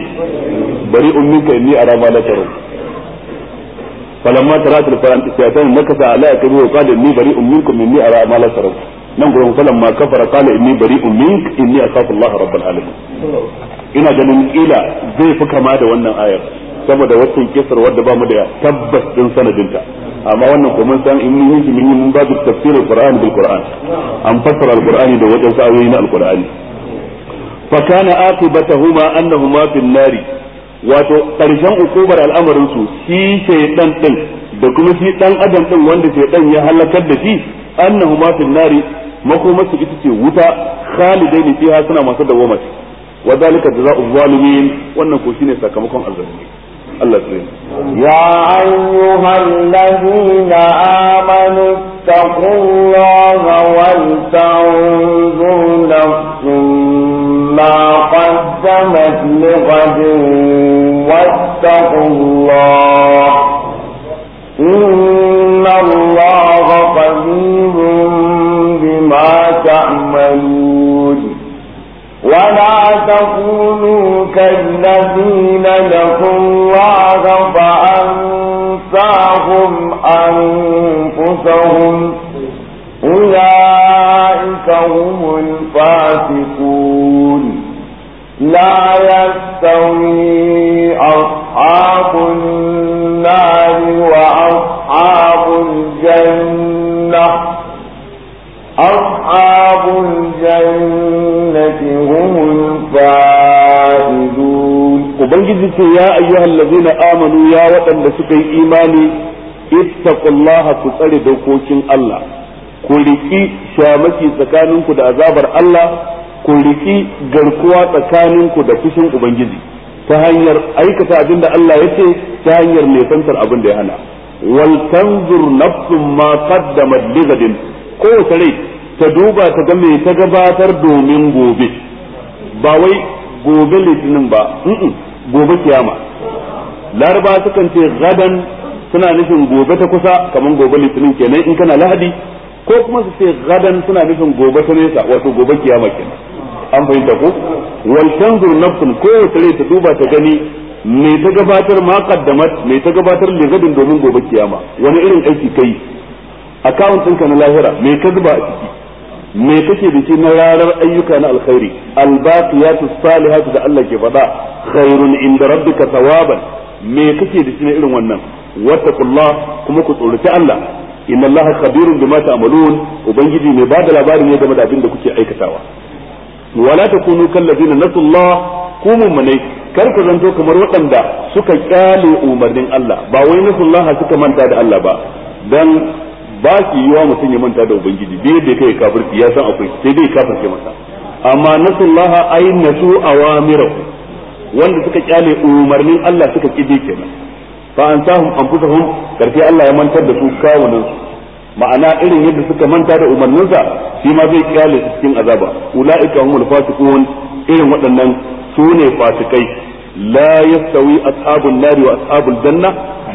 bari ummi ka inni a rama la tarawna falamma ta al-faran tiyatan nakasa ala kabi wa qala inni bari ka inni ara ma la tarawna nan gurin falon ma kafara bari inni bari'un mink inni akhafu Allah rabbul alamin ina ganin ila zai fi kama da wannan ayar saboda waccan kisar wadda ba mu da tabbas din sanadinta amma wannan kuma san in mun yi mun yi mun babu tafsir alquran bil qur'an an fassara alqur'ani da wajen sa'ayoyi na alqur'ani fa kana aqibatahuma annahuma fin nari wato karshen ukubar al'amarin su shi shaydan din da kuma shi dan adam din wanda ɗan ya halakar da shi annahuma fil nari makomarsu ita ce wuta khalidaini fiha suna masu dawoma ce wa zalika jazaa'u zalimin wannan ko shine sakamakon azzalimi Allah ya ayyuhal ladina amanu taqullaha wal tanzur nafsum ma qaddamat li ghadin wattaqullaha إن الله قدير بما تعملون ولا تكونوا كالذين لكم الله فأنساهم أنفسهم أولئك هم الفاسقون لا يستوي أصحاب النار الجنة أصحاب الجنة هم الفائزون وبنجد amanu ya waɗanda suka yi imani لسكي إيماني ku tsare كسر Allah الله ku riƙi shamaki tsakaninku da azabar Allah ku riƙi garkuwa tsakaninku da fushin Ubangiji ta hanyar aikata abin da Allah ya ce ta hanyar mai nesantar abin da ya hana wal tanzur nafsun ma qaddamat gadin ko rai ta duba ta ga me ta gabatar domin gobe ba wai gobe litinin ba gobe kiyama laraba sukan ce gadan suna nufin gobe ta kusa kamar gobe litinin kenan in kana lahadi ko kuma su ce gadan suna nufin gobe ta nesa wato gobe kiyama kenan an fahimta ko wal tanzur nafsun ko rai ta duba ta gani me ta gabatar ma qaddamat me ta gabatar li gadin domin gobe kiyama wani irin aiki kai account ɗinka na lahira me ka zuba a ciki me kake da shi na rarar ayyuka na alkhairi albaqiyatu salihatu da Allah ke faɗa khairun inda rabbika thawaban me kake da shi na irin wannan wattaqullah kuma ku tsoraci Allah inna allaha khabirun bima ta'malun ubangiji mai bada labari ne game da abin da kuke aikatawa wala takunu kallazina nasullah ku mummunai kar ku zanto kamar waɗanda suka kyale umarnin Allah ba wai nasullaha suka manta da Allah ba dan ba su yi mutum ya manta da ubangiji da yadda kai kafirci ya san akwai sai dai kafirce masa amma nasullaha ay nasu awamirahu wanda suka kyale umarnin Allah suka kide kenan fa ansahum anfusahum karfi Allah ya mantar da su kawunan su ma'ana irin yadda suka manta da umarninsa shi ma zai kyale su cikin azaba ulaika humul fasiqun irin waɗannan su ne fasikai la yastawi ashabun nari wa ashabul janna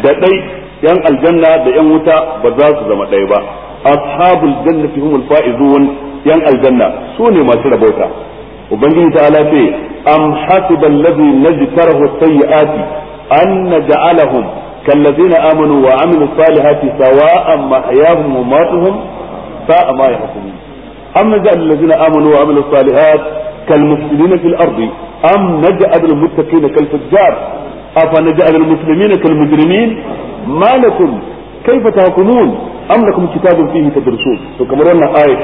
da dai yan aljanna da yan wuta ba za su zama ɗaya ba ashabul jannati humul faizun yan aljanna su ne masu rabauta ubangiji ta ala ce am hasiba allazi najtarahu sayyiati an naj'alahum كالذين آمنوا وعملوا الصالحات سواء محياهم وماتهم ساء ما يحكمون أم نجعل الذين آمنوا وعملوا الصالحات كالمفسدين في الأرض أم نجعل المتقين كالفجار أفنجعل المسلمين كالمجرمين ما لكم كيف تحكمون أم لكم كتاب فيه تدرسون فكما رأينا آية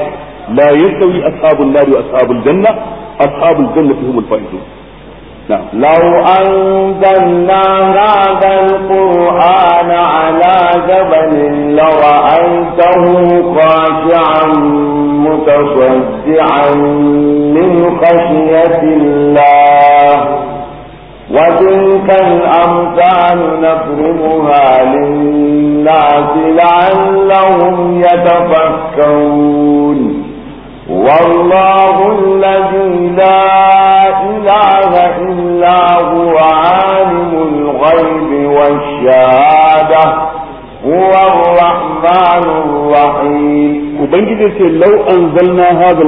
لا يستوي أصحاب النار وأصحاب الجنة أصحاب الجنة هم الفائزون نعم. لو أنزلنا هذا القرآن على جبل لرأيته خاشعا متصدعا من خشية الله وتلك الأمثال نفرمها للناس لعلهم يتفكرون والله الذي لا shahada huwa ar-rahman ar-rahim ubangiji ce lau anzalna hadha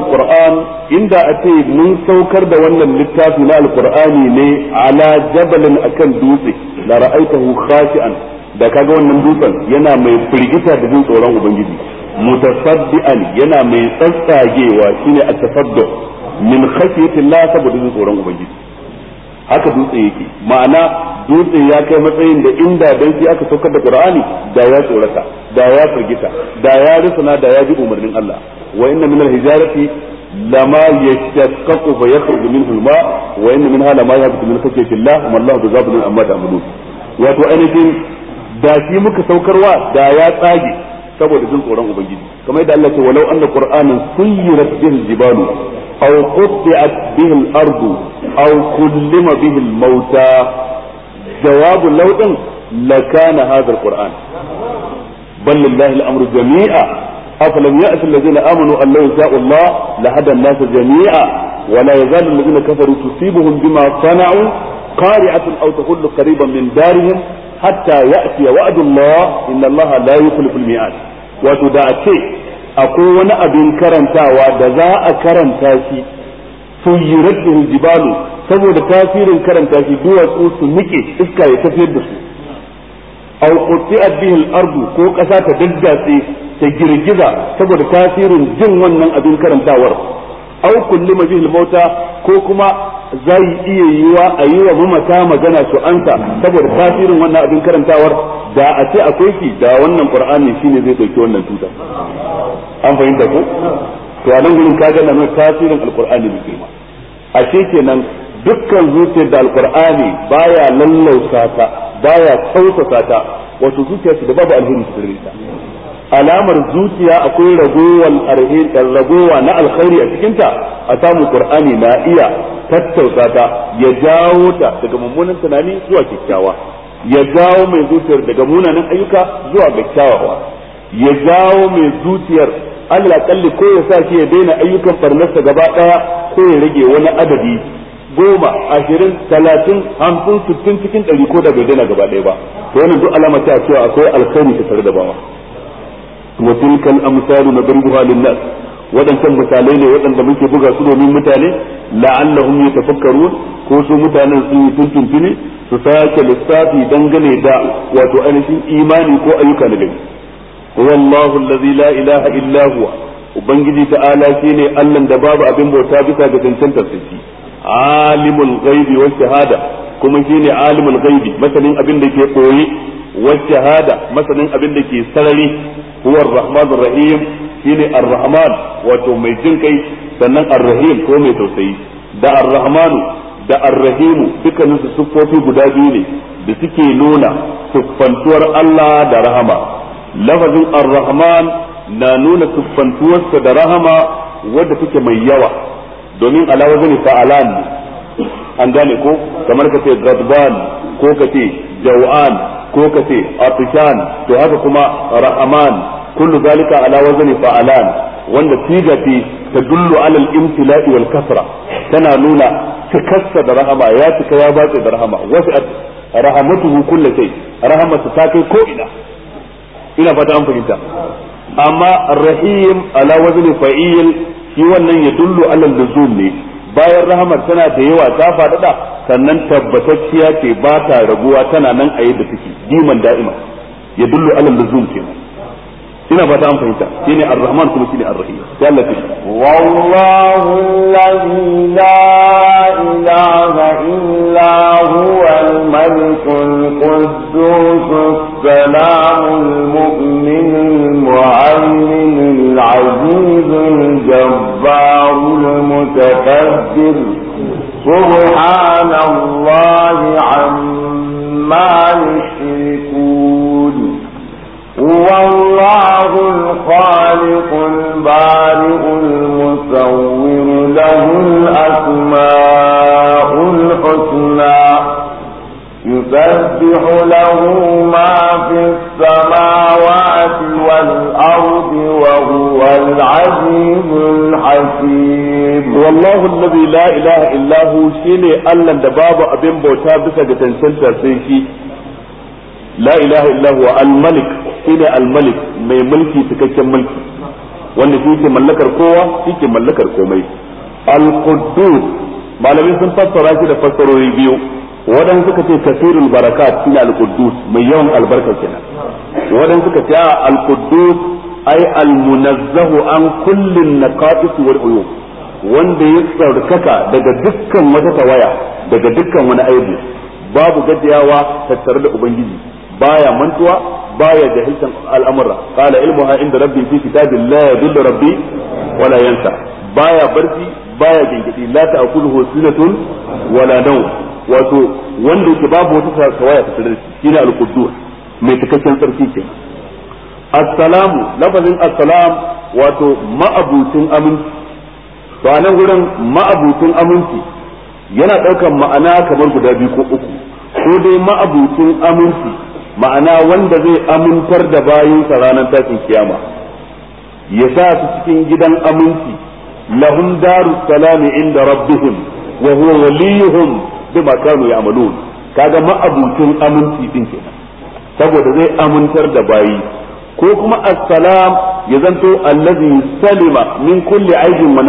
al inda ate mun saukar da wannan littafi na al ne ala jabalin akan dutse la ra'aytahu khashi'an da kaga wannan dutsen yana mai firgita da jin tsoron ubangiji mutasaddian yana mai tsatsagewa shine at-tafaddu min khashiyati la saboda jin tsoron ubangiji haka dutse yake ma'ana dutse ya kai matsayin da inda dan shi aka saukar da qur'ani da ya tsorata da ya firgita da ya rusuna da ya ji umarnin Allah wa inna min al-hijarati lama yashaqqaqu fa yakhruju minhu al-ma wa inna minha lama yahbitu min khashyati Allah wa Allahu bi ghafilin amma ta'malun wato ainihin da shi muka saukarwa da ya tsage saboda jin tsoron ubangiji kamar yadda Allah ya ce walau anna qur'anan sayyirat bil jibalu aw qutti'at bihil ardu aw kullima bihil mauta jawabu law din lakana hadha al-qur'an bal lillahi al-amru jami'a afalam ya'ti alladhina amanu an law yasha'u Allah lahada an-nasa jami'a ولا يزال الذين كفروا تصيبهم بما صنعوا قارعة أو تكون قريبا من دارهم حتى يأتي وعد الله إن الله لا يخلف الميعاد wato da a ce akwai wani abin karantawa da za a karanta shi yi da jibalu saboda tasirin karanta shi duwatsu su nike iska ya tafiyar da su aw quti'at bihi al-ardu ko kasa ta daddace ta girgiza saboda tasirin jin wannan abin karantawar au kullima bihil mauta ko kuma zai iya yiwa a yi wa mamata magana su ansa saboda tasirin wannan abin karantawar da a ce akwai shi da wannan qur'ani shine zai dauki wannan tuta an fahimta ko to anan nan gurin kaga nan tasirin alqur'ani bi girma ashe kenan dukkan zuciyar da alqur'ani baya lallausa ta baya kautata wato zuciyar da babu alheri cikin ta alamar zuciya akwai ragowar ragowa na alkhairi a cikinta a samu qur'ani na iya tattausa ta ya jawo ta daga mummunan tunani zuwa kyakkyawa ya jawo mai zuciyar daga munanan ayyuka zuwa ga kyawawa ya jawo mai zuciyar Allah kalli ko ya sa shi ya daina ayyukan farnarsa gaba daya ko ya rage wani adadi goma ashirin talatin hamsin sittin cikin ɗari ko da bai daina gaba ɗaya ba to wannan duk alama ta cewa akwai alkhairi ta tare da bawa wa tilkal amsalu nadrubuha lin waɗancan misalai ne waɗanda muke buga su domin mutane la'allahum yatafakkarun ko su mutanen sun yi tuntuntuni su sake lissafi dangane da wato ainihin imani ko ayyuka na gari wallahu allazi la ilaha illa huwa ubangiji ta'ala shine Allah da babu abin bauta bisa ga cancantar sarki alimul ghaibi was shahada kuma shine alimul ghaibi masanin abin da ke koyi was shahada masanin abin da ke sarari huwa ar-rahman ar-rahim shine ar-rahman wato mai jin sannan ar-rahim ko mai tausayi da ar-rahmanu da ar-rahimu dukkanin su guda biyu ne da suke nuna siffantuwar Allah da rahama lafazin ar-rahman na nuna siffantuwarsa da rahama wadda take mai yawa domin alawa zane fa'alan an gane ko kamar ka ce gadban ko ka ce jaw'an ko ka ce atishan to haka kuma rahman kullu zalika ala wazni fa'alan wanda siga fi ta dullu ala al-imtila'i wal kasra tana nuna cikassa da rahama ya cika ya bace da rahama wasi'at rahamatuhu kullu sai rahamatu ta kai ko ina ina fata an fahimta amma rahim ala wazni fa'il shi wannan ya dullu ala al-luzum ne bayan rahamar tana da yawa ta faɗaɗa sannan tabbatacciya ce ba ta raguwa tana nan a yadda take diman da'ima ya dullu alal luzum kenan ina ba ta an fahimta shine ar-rahman kuma shine ar-rahim ya Allah wallahu allazi la ilaha illa huwa al-malik al-quddus as al-mu'min al-mu'aymin al-aziz al-jabbar al-mutakabbir سبحان الله عما يشركون هو الله الخالق البارئ المصور له الأسماء الحسنى يسبح له ما في السماوات والأرض وهو العزيز الحكيم والله الذي لا إله إلا هو شيني ألا دباب أبين بوتا بسجة سنسل سيشي لا إله إلا هو الملك shine al-malik mai mulki cikakken mulki wanda shi ke mallakar kowa shi ke mallakar komai al-quddus malamin sun fassara shi da fassarori biyu wadan suka ce kasirul barakat shine al-quddus mai yawan albarka kenan wadan suka ce al-quddus ay al-munazzahu an kulli naqatis wal uyub wanda ya tsarkaka daga dukkan wata tawaya daga dukkan wani aibu babu gajiyawa tattare da ubangiji baya mantuwa baya jahilcin al'amura qala ilmuha inda rabbi fi kitabin la yadullu rabbi wala yansa baya barci baya gingidi la ta'kuluhu sinatun wala nawm wato wanda yake babu wata tawaya ta tare shi ne al-qudus mai cikakken tsarki ke assalamu lafazin assalam wato ma'abucin aminci to nan gurin ma'abucin aminci yana daukan ma'ana kamar guda biyu ko uku ko dai ma'abucin aminci ma'ana wanda zai amintar da bayinsa ranar tashin kiyama ya sa su cikin gidan aminci lahum daru salami inda rabbihim wa huwa waliyuhum bima kanu ya'malun kaga ma'abucin aminci din kenan saboda zai amintar da bayi ko kuma assalam ya zanto allazi salima min kulli aibin wa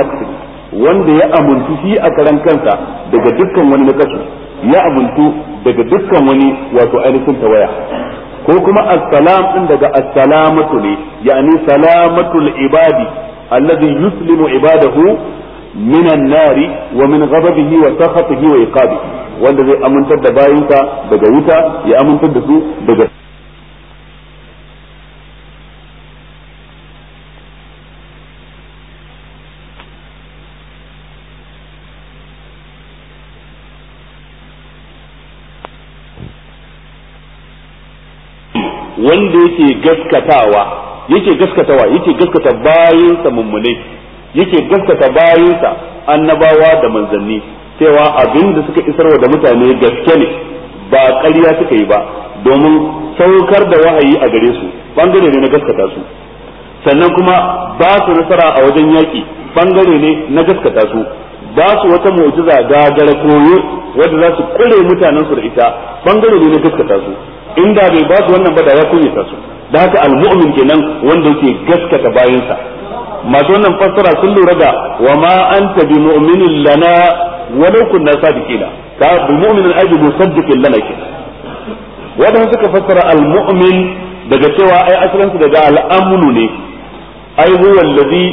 wanda ya amintu shi a karan kansa daga dukkan wani nakasu ya amintu. daga dukkan wani wato ainihin tawaya ko kuma assalam din daga assalamatu ne yani salamatul ibadi alladhi yuslimu ibadahu minan nari wa min ghadabihi wa sakhatihi wa iqabihi wanda zai amintar da bayinka daga wuta ya amintar da su daga yake gaskatawa yake gaskatawa yake gaskata bayinsa mummunai yake gaskata bayinsa annabawa da manzanni cewa abin da suka isarwa da mutane gaske ne ba ƙarya suka yi ba domin saukar da wahayi a gare su bangare ne na gaskata su sannan kuma ba su nasara a wajen yaƙi bangare ne na gaskata su ba su wata mu'jiza gagara koyo wadda za su kure mutanen su da ita bangare ne na gaskata su in da bai ba su wannan ba da ya kunyata su da haka almu'min kenan wanda yake gaskata bayansa masu wannan fassara sun lura da wa ma anta bi mu'minin lana walau kunna sadiqina ka bi mu'minin aji musaddiqin lana ke wadanda suka fassara almu'min daga cewa ai asalansu daga al'amnu ne ai huwa allazi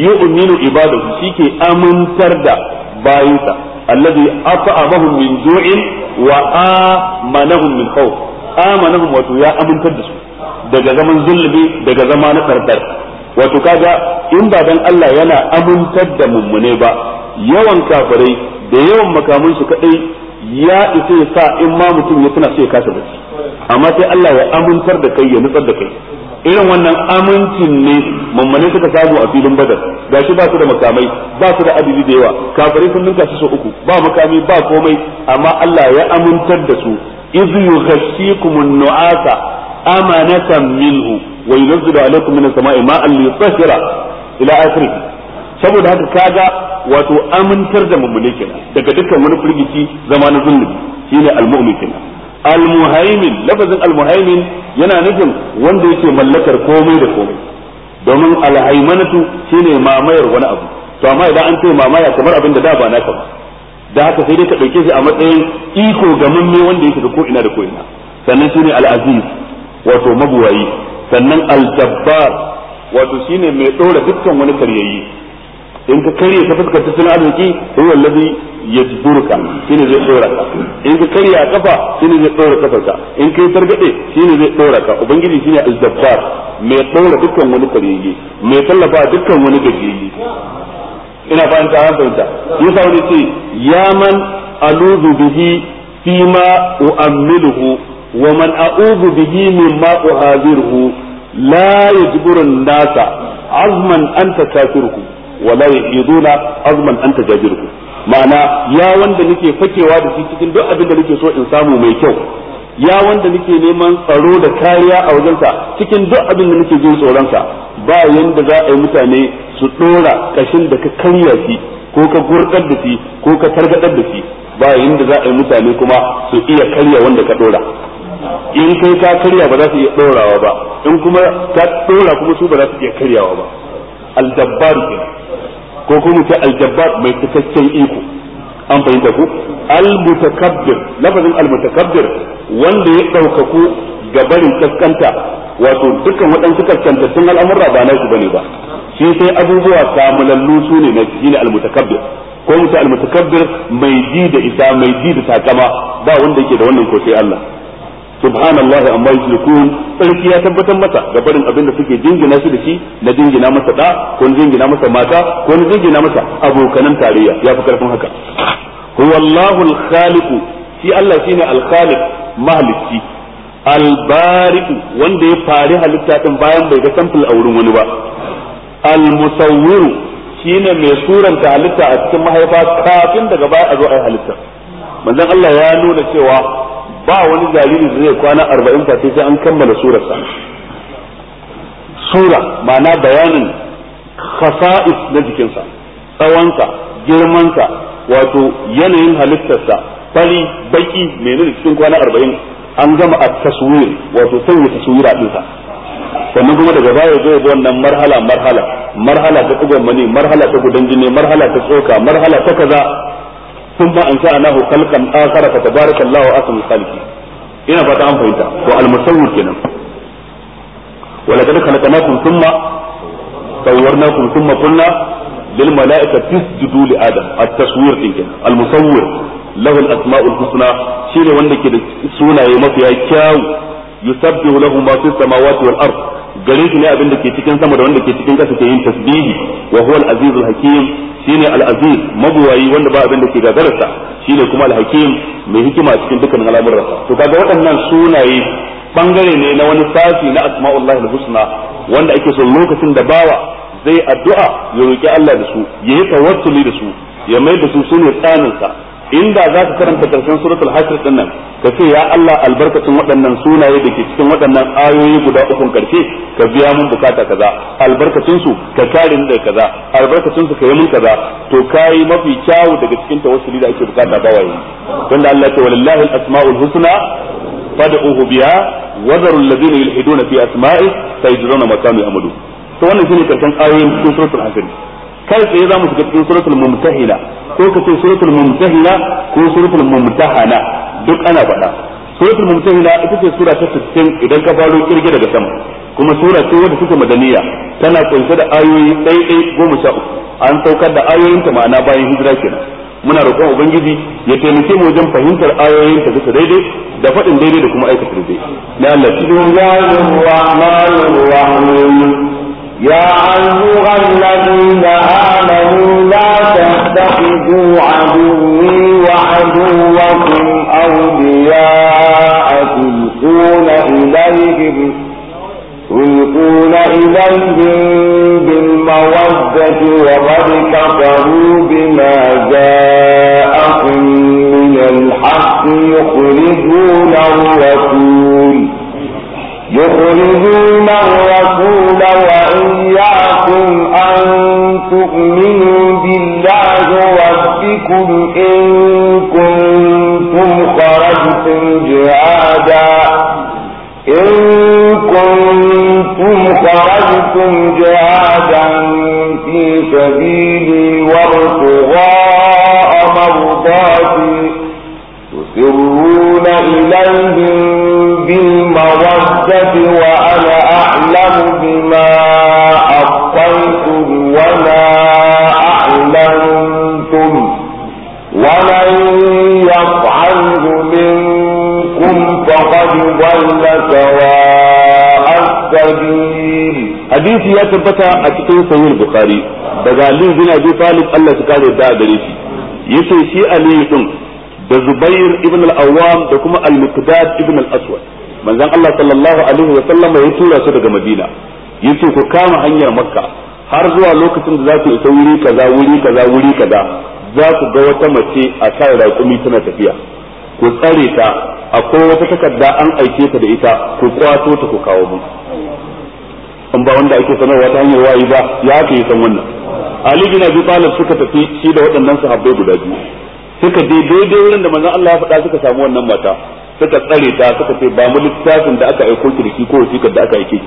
yu'minu ibadahu shike amintar da bayinsa allazi at'amahum min ju'in wa amanahum min khawf amanahum wato ya amintar da su daga zaman zulmi daga zama na tardar wato kaga in ba dan Allah yana amintar da mummune ba yawan kafirai da yawan makamun su kadai ya isa sa in ma mutum ya tana sai ya kasa bace amma sai Allah ya amintar da kai ya nutsar da kai irin wannan amincin ne mummune suka samu a filin badar gashi ba su da makamai ba su da adadi da yawa kafirai sun ninka su uku ba makami ba komai amma Allah ya amintar da su idh yughashshikum an-nu'asa amanatan minhu wa yunzilu alaykum min as-sama'i ma'an ila saboda haka kaga wato amintar da mummune kenan daga dukkan wani firgici zama na zunubi shine al kenan al lafazin al yana nufin wanda yake mallakar komai da komai domin alhaimanatu shine mamayar wani abu to amma idan an ce mamaya kamar abin da da ba naka ba da haka sai dai ka dauke shi a matsayin iko ga mumme wanda yake da ko ina da ko ina sannan shine al-aziz wato mabuwayi sannan al-jabbar wato shine mai dora dukkan wani karyayi in ka karya ta fuskar sunan arziki huwa allazi yajburuka shine zai dora ka in ka karya a kafa shine zai dora kafarka in kai targade shine zai dora ka ubangiji shine al-jabbar mai dora dukkan wani karyayi mai tallafa dukkan wani gajiyayi. ina fahimta an fahimta sa wani ce ya man aluzu bihi fi ma u'amiluhu wa man a'udhu bihi min ma uhadiruhu la yajburu an-nasa azman anta kafiruhu wa la yahiduna azman anta jabiruhu ma'ana ya wanda nake fakewa da shi cikin duk abin da nake so in samu mai kyau ya wanda nake neman tsaro da kariya a wajensa cikin duk abin da nake jin tsoronsa ba yanda za a yi mutane su dora kashin da ka karya shi ko ka gurkar da shi ko ka targadar da shi ba yanda za a yi mutane kuma su iya karya wanda ka dora in kai ka karya ba za su iya dorawa ba in kuma ka dora kuma su ba za su iya karyawa ba aljabbar ko kuma ta aljabbar mai cikakken iko an fahimta ku almutakabbir lafazin almutakabbir wanda ya ɗaukaku ga barin kaskanta wato dukkan waɗansu kaskantattun al'amurra ba nasu bane ba shi sai abubuwa kamulallu su ne na ne almutakabbir ko mutu almutakabbir mai ji da isa mai ji da takama ba wanda yake da wannan ko sai Allah subhanallahi amma yushrikun sarki ya tabbatar masa ga barin abin da suke jingina shi da shi na jingina masa da ko jingina masa mata ko jingina masa abokanan tarayya ya fi karfin haka huwallahu al-khaliq shi Allah shine al-khaliq mahalicci al-bariq wanda ya fari halitta din bayan bai ga sample a wurin wani ba al-musawwir shine mai suranta halitta a cikin mahaifa kafin daga baya a zo a yi halitta manzon Allah ya nuna cewa ba wani jariri da zai kwana arba'in face sai an kammala surarsa sura ma'ana bayanin khasa'is na jikinsa tsawonsa girmansa wato yanayin halittarsa fari baki menene cikin kwana arba'in an gama a taswir wato sanya taswira dinsa sannan kuma daga baya zai zo wannan marhala marhala marhala ta tsugon mani marhala ta gudan jini marhala ta tsoka marhala ta kaza ثم أنشأناه خلقا آخر فتبارك الله أحسن الخالقين ina fata an fahimta to almusawwir kenan wala kad khalaqnakum thumma sawwarnakum thumma kunna lil mala'ikati tisjudu li adam at-taswir din kenan almusawwir lahu al-asma'u husna shine wanda ke da sunaye mafiya kyau yusabbihu lahu ma fi samawati wal ardh gare shi ne abin da ke cikin sama da wanda ke cikin ƙasa ke yin tasbihi wa huwa al-aziz al-hakim shine al-aziz mabuwayi wanda ba abin da ke gagararsa shine kuma al-hakim mai hikima cikin dukkan al'amuransa to kaga waɗannan sunaye bangare ne na wani sashi na asma'ullahi al-husna wanda ake so lokacin da bawa zai addu'a ya roki Allah da su yayi tawassuli da su ya mai da su sune tsaninsa inda za ka karanta karshen suratul hashr din nan ka ce ya Allah albarkacin waɗannan sunaye da ke cikin waɗannan ayoyi guda ukun karshe ka biya mun bukata kaza albarkacin su ka kare ni daga kaza albarkacin su ka yi mun kaza to kai mafi kyawu daga cikin tawassuli da ake bukata ba don da Allah ya ce walillahi al-asmaul husna fad'uhu biha wa dharu alladhina yulhiduna fi asma'i sayajzuna ma kanu to wannan shine karshen ayoyin suratul hashr kai tsaye za mu shiga cikin suratul mumtahila ko ka ce suratul mumtahila ko suratul mumtahala duk ana faɗa suratul mumtahila ita ce sura ta 60 idan ka faro kirge daga sama kuma sura ce wadda take madaniya tana kunshe da ayoyi ɗaiɗai goma sha an saukar da ayoyinta ma'ana bayan hijira kenan muna roƙon ubangiji ya taimake mu wajen fahimtar ayoyin ta bisa daidai da faɗin daidai da kuma aikata daidai na Allah shi ya ayyuhal ladina اتخذوا عدوي وعدوكم أولياء تلقون إليهم تلقون إليهم بالمودة وقد كفروا بما جاءكم من الحق يخرجون الرسول يخرجون الرسول وإياكم أن تؤمنوا بالله ربكم إن كنتم خرجتم جهادا إن كنتم خرجتم جهادا في سبيلي وابتغاء مرضاتي تسرون إليهم بالمرض الصدقة وأنا أعلم بما أخطيتم وما أعلنتم ومن يفعله منكم فقد ضل سواء السبيل حديث يا تبتا أتكين سيد البخاري بغالي بن أبي طالب الله تكالي دا دريسي يسوي شيء عليه da Zubair ibn al-Awwam da kuma al-Miqdad ibn al-Aswad manzon Allah sallallahu alaihi wa sallama ya tura su daga Madina yace ku kama hanyar Makka har zuwa lokacin da za isa wuri kaza wuri kaza wuri kaza za ku ga wata mace a kan raƙumi tana tafiya ku tsare ta akwai wata takarda an aike ta da ita ku kwato ta ku kawo mu an ba wanda ake sanarwa ta hanyar wayi ba ya aka yi san wannan Ali bin Abi Talib suka tafi shi da waɗannan sahabbai guda biyu suka je daidai wurin da manzon Allah ya faɗa suka samu wannan mata suka tsare ta suka ce ba mu littafin da aka aiko ki da shi ko wasikar da aka aike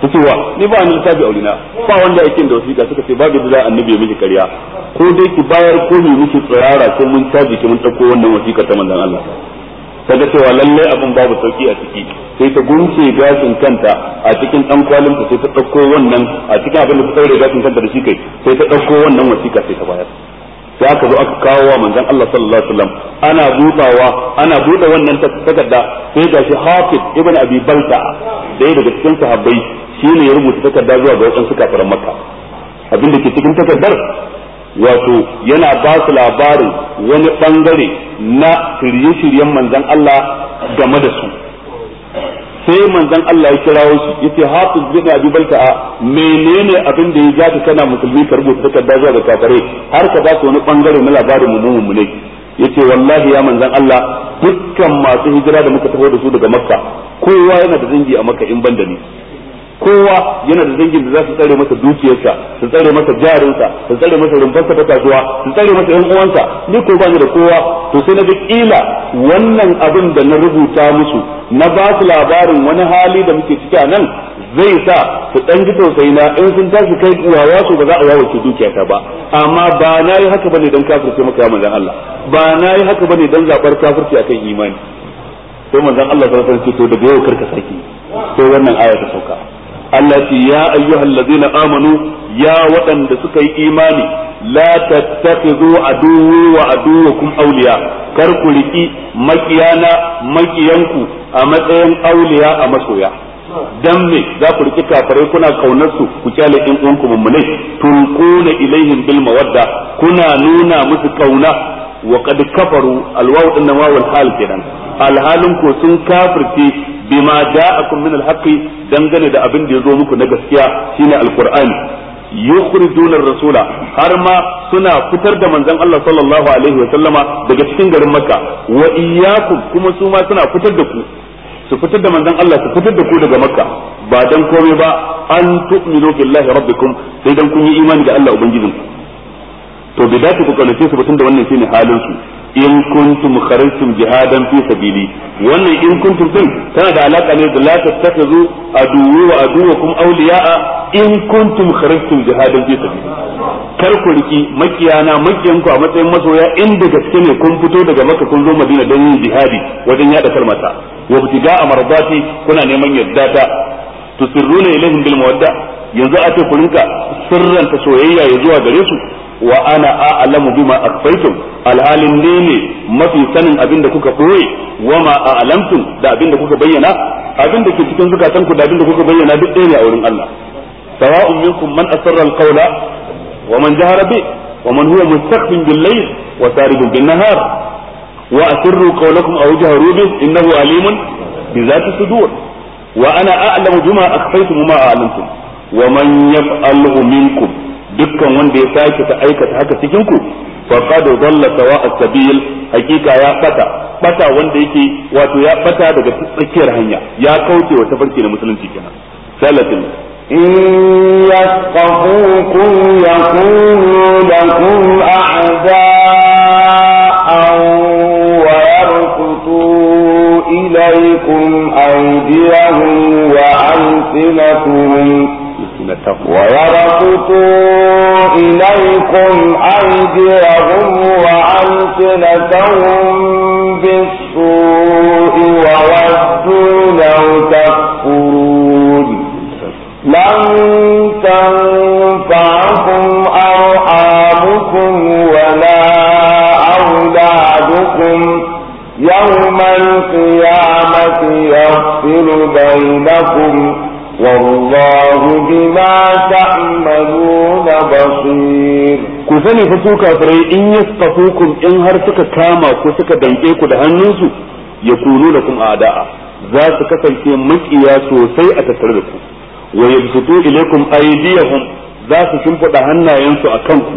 ki ce wa ni ba ni littafi aure na ba wanda aikin da wasiƙa suka ce babu da annabi ya miki ƙarya ko dai ki bayar ko mu miki tsirara ko mun caji ki mun dauko wannan wasiƙa ta manzon Allah kaga cewa lalle abin babu sauki a ciki sai ta gunce gashin kanta a cikin dan kwalin ta sai ta dauko wannan a cikin abin da ta tsare gashin kanta da shi kai sai ta dauko wannan wasiƙa sai ta bayar sai aka zo aka kawo wa manzon Allah sallallahu alaihi wasallam ana ana buɗe wannan takarda sai gashi Hafiz ibn Abi Balta daya daga cikin sahabbai shine ya rubuta takarda zuwa ga wadansu kafiran Makka abin da ke cikin takardar wato yana ba su labarin wani bangare na shirye-shiryen manzon Allah game da su sai manzon Allah ya kirawo shi yace hafiz bin abi balta'a menene abin da ya zata kana musulmi ka rubuta takarda zuwa ga kafare har ka ba wani bangare na labarin mu mu ne yace wallahi ya manzon Allah dukkan masu hijira da muka taho da su daga makka kowa yana da dangi a makka in banda ni. kowa yana da dangin da za su tsare masa dukiyarsa su tsare masa jarinsa su tsare masa rumfarsa ta kasuwa su tsare masa yan uwansa ni ko ni da kowa to sai na ga kila wannan abin da na rubuta musu na ba su labarin wani hali da muke ciki a nan zai sa su dan ji tausayi na in sun tashi kai wawa su ba za a wawace dukiyata ba amma ba na yi haka bane dan kafirce maka manzan Allah ba na yi haka bane dan zabar kafirci akan imani sai manzan Allah sallallahu alaihi wasallam to daga yau karka saki sai wannan aya ta sauka allati ya ayyuhal ladina amanu ya waɗanda suka yi imani la tattakhidhu aduwwi wa aduwwakum awliya kar ku riki makiyana makiyanku a matsayin awliya a masoya dan me za ku riki kafirai kuna kaunar su ku kyale in uwanku mummunai tulquna ilaihim bil mawadda kuna nuna musu kauna wa qad kafaru alwaw dinnan wawul hal kenan alhalin ko sun kafirce bima ja'akum min alhaqi dangane da abin da yazo muku na gaskiya shine alqur'ani yukhrijuna ar-rasula har ma suna fitar da manzon Allah sallallahu alaihi wa sallama daga cikin garin Makka wa iyyakum kuma su ma suna fitar da ku su fitar da manzon Allah su fitar da ku daga Makka ba dan komai ba an tu'minu billahi rabbikum sai dan kun yi imani ga Allah ubangijinku to bai dace ku kaunace su ba da wannan shine halin su in kuntum kharajtum jihadan fi sabili wannan in kuntum din tana da alaka ne da la tattakhudhu aduwwa wa aduwwakum awliya'a in kuntum kharajtum jihadan fi sabili kar ku riki makiyana makiyanku a matsayin masoya in da gaske ne kun fito daga makka kun zo madina don yin jihadi wajen yada kalmata wa a mardati kuna neman yadda ta tusirruna ilaihim bil mawadda yanzu a ce ku rinka sirranta soyayya ya zuwa gare su wa ana a'lamu bima akhfaytum alhalin ne ne mafi sanin abinda kuka koye wa ma a'lamtum da abinda kuka bayyana abinda ke cikin zukatanku da abinda kuka bayyana duk ɗaya ne a wurin Allah sawa'un minkum man asarra alqawla wa man jahara bi wa man huwa mustaqbil bil layl wa saribun bin nahar wa asirru qawlakum aw jaharu bi innahu alimun bi zati sudur wa ana a'lamu bima akhfaytum ma a'lamtum wa man yaf'alu minkum dukkan wanda ya sake ta aikata haka cikin ku faqad dalla sawa as-sabil hakika ya bata bata wanda yake wato ya bata daga tsakiyar hanya ya kauce wa tafarki na musulunci kenan salatin إن يفقهوكم يكونوا لكم أعداء ويركضوا إليكم أيديهم وألسنتهم واتقوا ويبسطوا إليكم أيديهم وألسنتهم بالسوء وودوا لو تكفرون لن تنفعكم أرحامكم ولا أولادكم يوم القيامة يفصل بينكم والله بما تعملون بصير ku sani fa su kafirai in yastafukum in har suka kama ku suka danke ku da hannunsu ya kunu da kuma ada'a za su kasance makiya sosai a tattare da ku wa yabsutu ilaykum aydiyahum za su shimfida hannayensu a kanku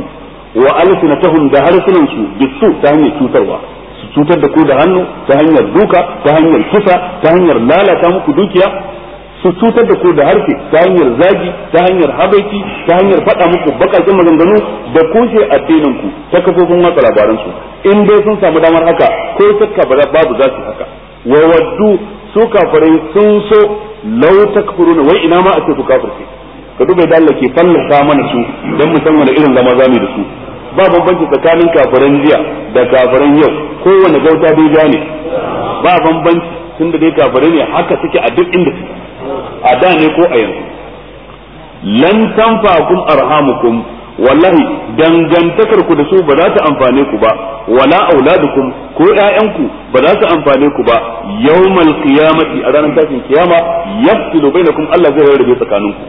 wa alsinatahum da harsunansu bisu ta hanyar cutarwa su cutar da ku da hannu ta hanyar duka ta hanyar kisa ta hanyar lalata muku dukiya su cutar da ku da harshe ta hanyar zagi ta hanyar habaiti ta hanyar faɗa muku bakakin maganganu da kushe addinin ku ta kafofin watsa labaran su in dai sun samu damar haka ko shakka ba babu za su haka wa waddu su kafirai sun so law takfuruna wai ina ma ake ku kafirce ka duba da Allah ke fallasa mana su dan mu san wani irin zama zamu da su ba bambanci tsakanin kafiran jiya da kafiran yau kowane gauta dai ne ba bambanci da dai kafirai ne haka suke a duk inda suke a da ne ko a yanzu lan tanfa'akum arhamukum wallahi dangantakar ku da su ba za ta amfane ku ba wala auladukum ko ƴaƴanku ba za su amfane ku ba yawmal qiyamati a ranar tashin kiyama yafsilu bainakum Allah zai rarrabe tsakaninku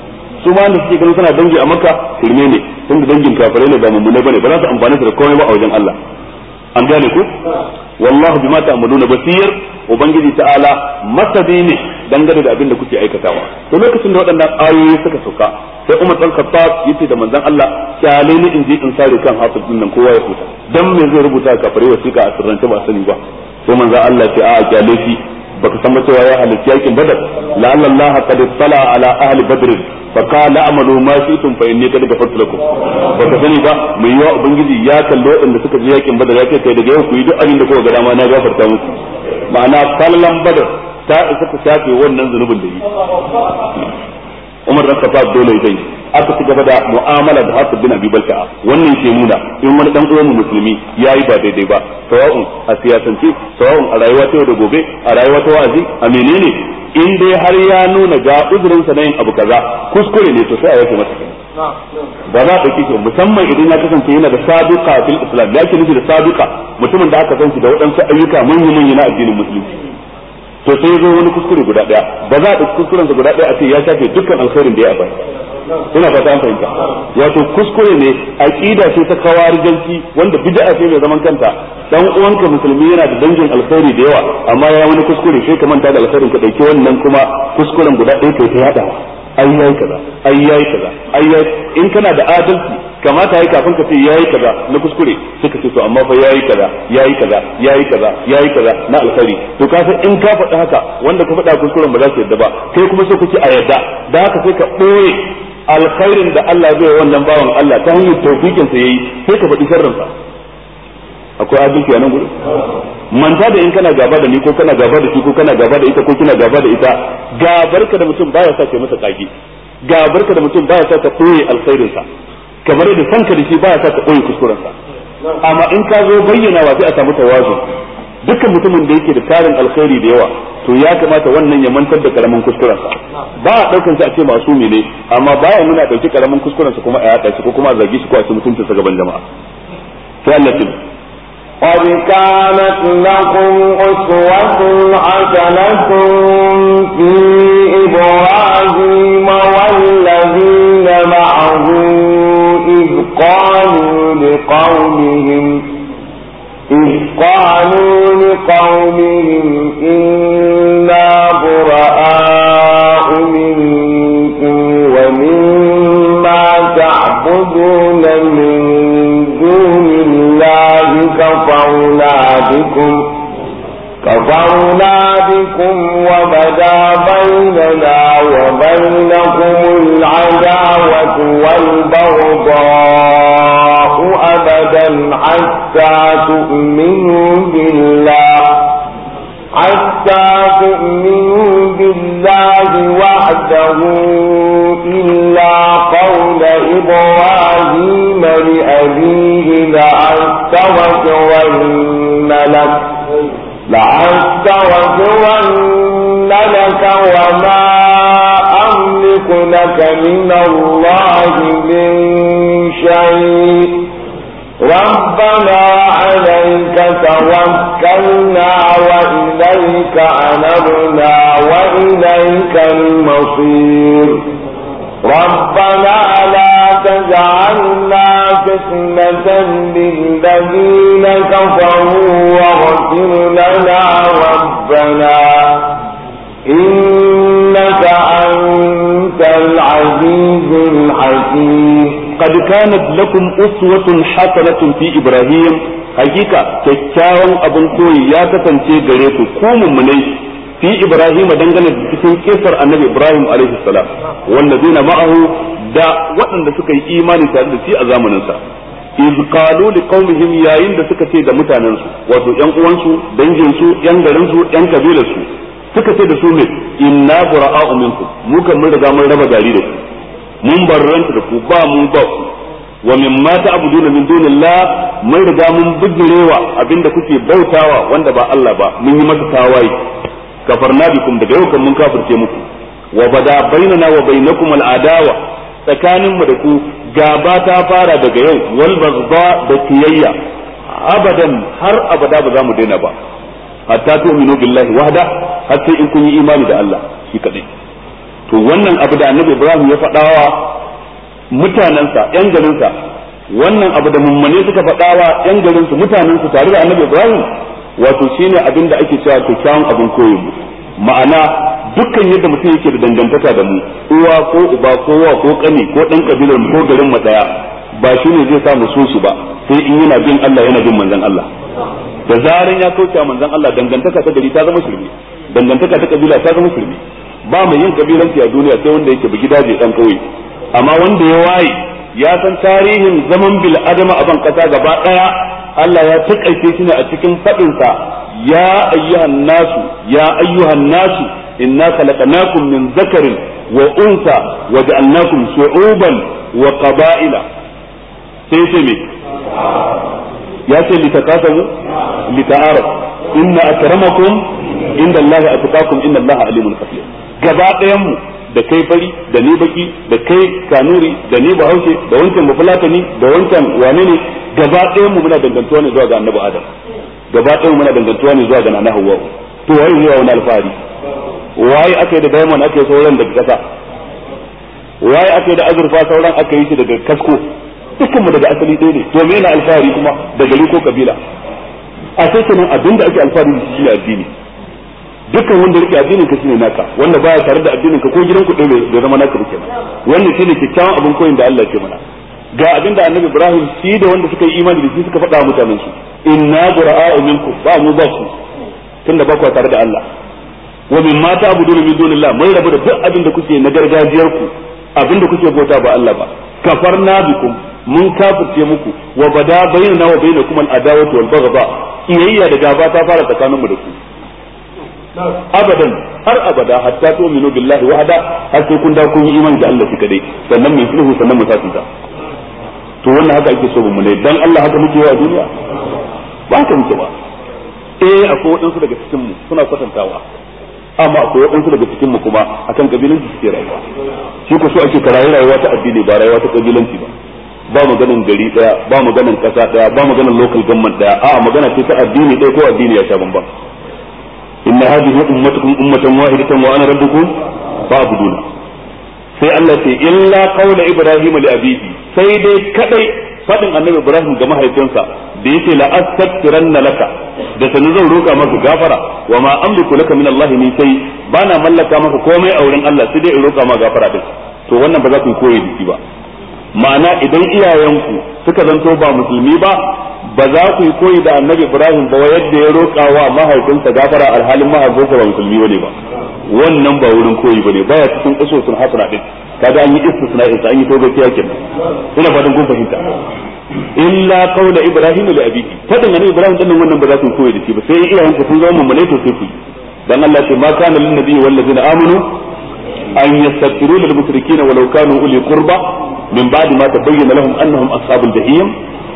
su ma da suke ganin suna dangi a maka. firme ne da dangin kafirai ne ba mummune bane ba za su amfane su da komai ba a wajen Allah an gane ku wallahu bima ta'maluna basir ubangiji ta'ala masadi ne dangane da abin da kuke aikatawa to lokacin da waɗannan ayoyi suka sauka sai Umar dan Khattab yace da manzon Allah kyale ni in je in sare kan hafiz din nan kowa ya huta dan me zai rubuta kafare wasiƙa a sirrance ba sani ba to manzon Allah ce a kyale shi baka san cewa ya halarci yakin badar la'alla Allah qad tala ala ahli badr fa qala amalu ma shi'tum fa inni qad ghafartu lakum baka sani ba mai yawa ubangiji ya kalli waɗanda suka je yakin badar ya ce kai da yau ku yi duk abin da kowa ga dama na gafarta muku ma'ana kallan badar ta isa ta shafe wannan zunubin da yi Umar dan dole dole zai aka ci gaba da mu'amala da Hasib bin Abi Balta'a wannan ke nuna in wani dan uwan musulmi yi ba daidai ba sawa'un a siyasance sawa'un a rayuwa ta yau da gobe a rayuwa ta wa'azi a menene in dai har ya nuna ga uzurin sa na yin abu kaza kuskure ne to sai a yake masa ba za ka kike musamman idan ya kasance yana da saduka fil islam ya shi nufi da sabuka mutumin da aka san da waɗansu ayyuka manya-manya na addinin musulunci to sai zo wani kuskure guda daya ba za a ɗauki kuskuren guda daya a ce ya shafe dukkan alkhairin da ya bar ina fata an fahimta wato kuskure ne aqida ce ta kawarijanci wanda bid'a ce mai zaman kanta dan uwanka musulmi yana da dangin alkhairi da yawa amma ya wani kuskure sai ka manta da alkhairin ka dauki wannan kuma kuskuren guda daya kai ta yada ai yayi kaza ai kaza ai in kana da adalci kamata yayi kafin ka ce yayi kaza na kuskure suka ce to amma fa yayi kaza yayi kaza yayi kaza yayi kaza na alkhairi to ka san in ka faɗa haka wanda ka faɗa kuskuren ba za ka yadda ba kai kuma so kuke a yadda da haka sai ka ɓoye alkhairin da Allah zai wannan bawan Allah ta hanyar tawfikin sa yayi sai ka faɗi sharrin sa akwai adalci a nan gudu manta da in kana gaba da ni ko kana gaba da shi ko kana gaba da ita ko kina gaba da ita gabar ka da mutum baya sa ke masa kage ka da mutum baya sa ka koye alkhairin sa kamar da sanka da shi baya sa ka ɓoye kuskurensa amma in ka zo bayyana wa sai a samu tawazu dukkan mutumin da yake da tarin alkhairi da yawa to ya kamata wannan ya mantar da karamin kuskurensa ba a daukan sa a ce masumi ne amma baya nuna dauki karamin kuskurensa kuma a yaka shi ko kuma a zagi shi ko a ci mutuncinsa gaban jama'a sai Allah ya قد كانت لكم أسوة حسنة في إبراهيم قالوا لقومهم إذ قالوا لقومهم إنا براء منكم ومما تعبدون من دون الله كفرنا بكم كفرنا بكم وبدا بيننا وبينكم العداوة والبغضاء أبدا حتى تؤمنوا بالله حتى تؤمنوا بالله وحده إلا قول إبراهيم لأبيه لأستغفرن لك لأستغفرن لك وما لك من الله من شيء ربنا عليك توكلنا وإليك أنبنا وإليك المصير ربنا لا تجعلنا فتنة للذين كفروا واغفر لنا ربنا إن العزيز الحكيم قد كانت لكم أسوة حسنة في إبراهيم حقيقة كيكاون أبن كوي يا كتنشي غريكو كوم مني في إبراهيم دنجل cikin kisar annabi Ibrahim alaihi salam wallazina ma'ahu da waɗanda suka yi imani tare da shi a zamanin sa iz qalu liqaumihim yayin da suka ce da mutanensu wato yan uwansu danginsu yan garinsu yan su suka ce da su ne inna bura'a'u minkum mu kan mun riga mun raba gari da ku mun barranta da ku ba mu ba ku wa mimma ta'buduna min dunillah mun riga mun bijirewa abinda kuke bautawa wanda ba Allah ba mun yi masa tawaye kafarna bikum daga yau kan mun kafirce muku wa bada bainana wa bainakum al'adawa tsakanin mu da ku gaba ta fara daga yau wal bazba da kiyayya abadan har abada ba za mu daina ba hatta tu'minu billahi wahda har sai in kun yi imani da Allah shi kadai to wannan abu da annabi Ibrahim ya faɗawa mutanansa yan garinsa wannan abu da mummune suka faɗawa yan garinsu mutanensu tare da annabi Ibrahim wato shine abin da ake cewa kyakkyawan abin koyo ma'ana dukkan yadda mutum yake da dangantaka da mu uwa ko uba ko wa ko kani ko dan kabilar ko garin mu daya ba shi ne zai samu mu ba sai in yana bin Allah yana bin manzon Allah da zaran ya kauce manzon Allah dangantaka ta gari ta zama shirme dangantaka ta kabila ta zama shirme ba mai yin kabilanci a duniya sai wanda yake bugi daji dan kauye amma wanda ya waye ya san tarihin zaman bil adama a ban kasa gaba daya Allah ya takaice shi ne a cikin fadin sa ya ayyuhan nasu ya ayyuhan nasu inna khalaqnakum min zakarin wa unsa wa ja'alnakum shu'uban wa qaba'ila sai ce me ya ce li taqasamu li ta'aruf inna akramakum inda Allah atqakum inda Allah alimun kafiya gaba ɗayan mu da kai fari da ni baki da kai kanuri da ni bahaushe da wancan bafulatani da wancan wane ne gaba ɗayan mu muna dangantuwa ne zuwa ga annabi adam gaba ɗayan muna dangantuwa ne zuwa ga nana hawwa to waye wa wani alfahari waye aka yi da diamond aka yi sauran daga kasa waye aka yi da azurfa sauran aka yi shi daga kasko dukkanmu daga asali ɗaya ne to yana alfahari kuma da gari ko kabila a sai kenan abin da ake alfahari da shi ne addini dukkan wanda rike addinin ka shine naka wanda baya tare da addinin ka ko gidan ku ɗaya bai zama naka ba kenan wannan shine kyakkyawan abin koyin da Allah ke mana ga abin da Annabi Ibrahim shi da wanda suka yi imani da shi suka faɗa mutanen su inna bura'a'u minkum ba mu ba ku tunda ba ku tare da Allah wa min ma ta'buduna min dunillah mun rabu da duk abin da kuke na gargajiyar ku abin da kuke bauta ba Allah ba kafarna bikum mun kafirce muku wa bada bayyana wa bayyana kuma al'adawa wal bagaba iyayya da gaba ta fara tsakanin mu da ku abadan har abada hatta to minu billahi wahda har sai kun da kun yi imani da Allah shi kadai sannan mu sulhu sannan mu satunta to wannan haka ake so mu ne dan Allah haka muke yi a duniya ba ka mutu ba eh akwai waɗansu daga cikin mu suna kwatantawa amma akwai waɗansu daga cikin mu kuma akan kabilanci suke rayuwa shi ko so ake karayi rayuwa ta addini ba rayuwa ta kabilanci ba ba maganan gari daya ba maganan kasa daya ba maganan local government daya a'a magana ce ta addini dai ko addini ya sha bamban inna hadhihi ummatukum ummatan wahidatan wa ana rabbukum fa'buduna sai Allah ce illa qawla ibrahim li abihi sai dai kadai fadin annabi ibrahim ga mahaifinsa da yake la astaghfiranna laka da sanin zan roka maka gafara wa ma amliku laka min Allah min sai bana mallaka maka komai a wurin Allah sai dai in roka maka gafara din to wannan ba za ku koyi da ba ma'ana idan iyayenku suka zanto ba musulmi ba ba za ku yi koyi da annabi ibrahim ba yadda ya roƙa wa mahaifinsa gafara alhalin mahaifinsa ba musulmi bane ba wannan ba wurin koyi bane baya cikin usulun hasana din kaga an yi istisna isa an yi togaciya kenan ina fadin kun fahimta illa qawla ibrahim li ta fadan annabi ibrahim din wannan ba za ku koyi da shi ba sai iyayenku sun zama mummune to sai ku dan Allah ce ma kana lin nabiyyi wal ladina amanu an yastaghfiru lil mushrikeena walau kanu uli qurba min ba'd ma tabayyana lahum annahum ashabul jahim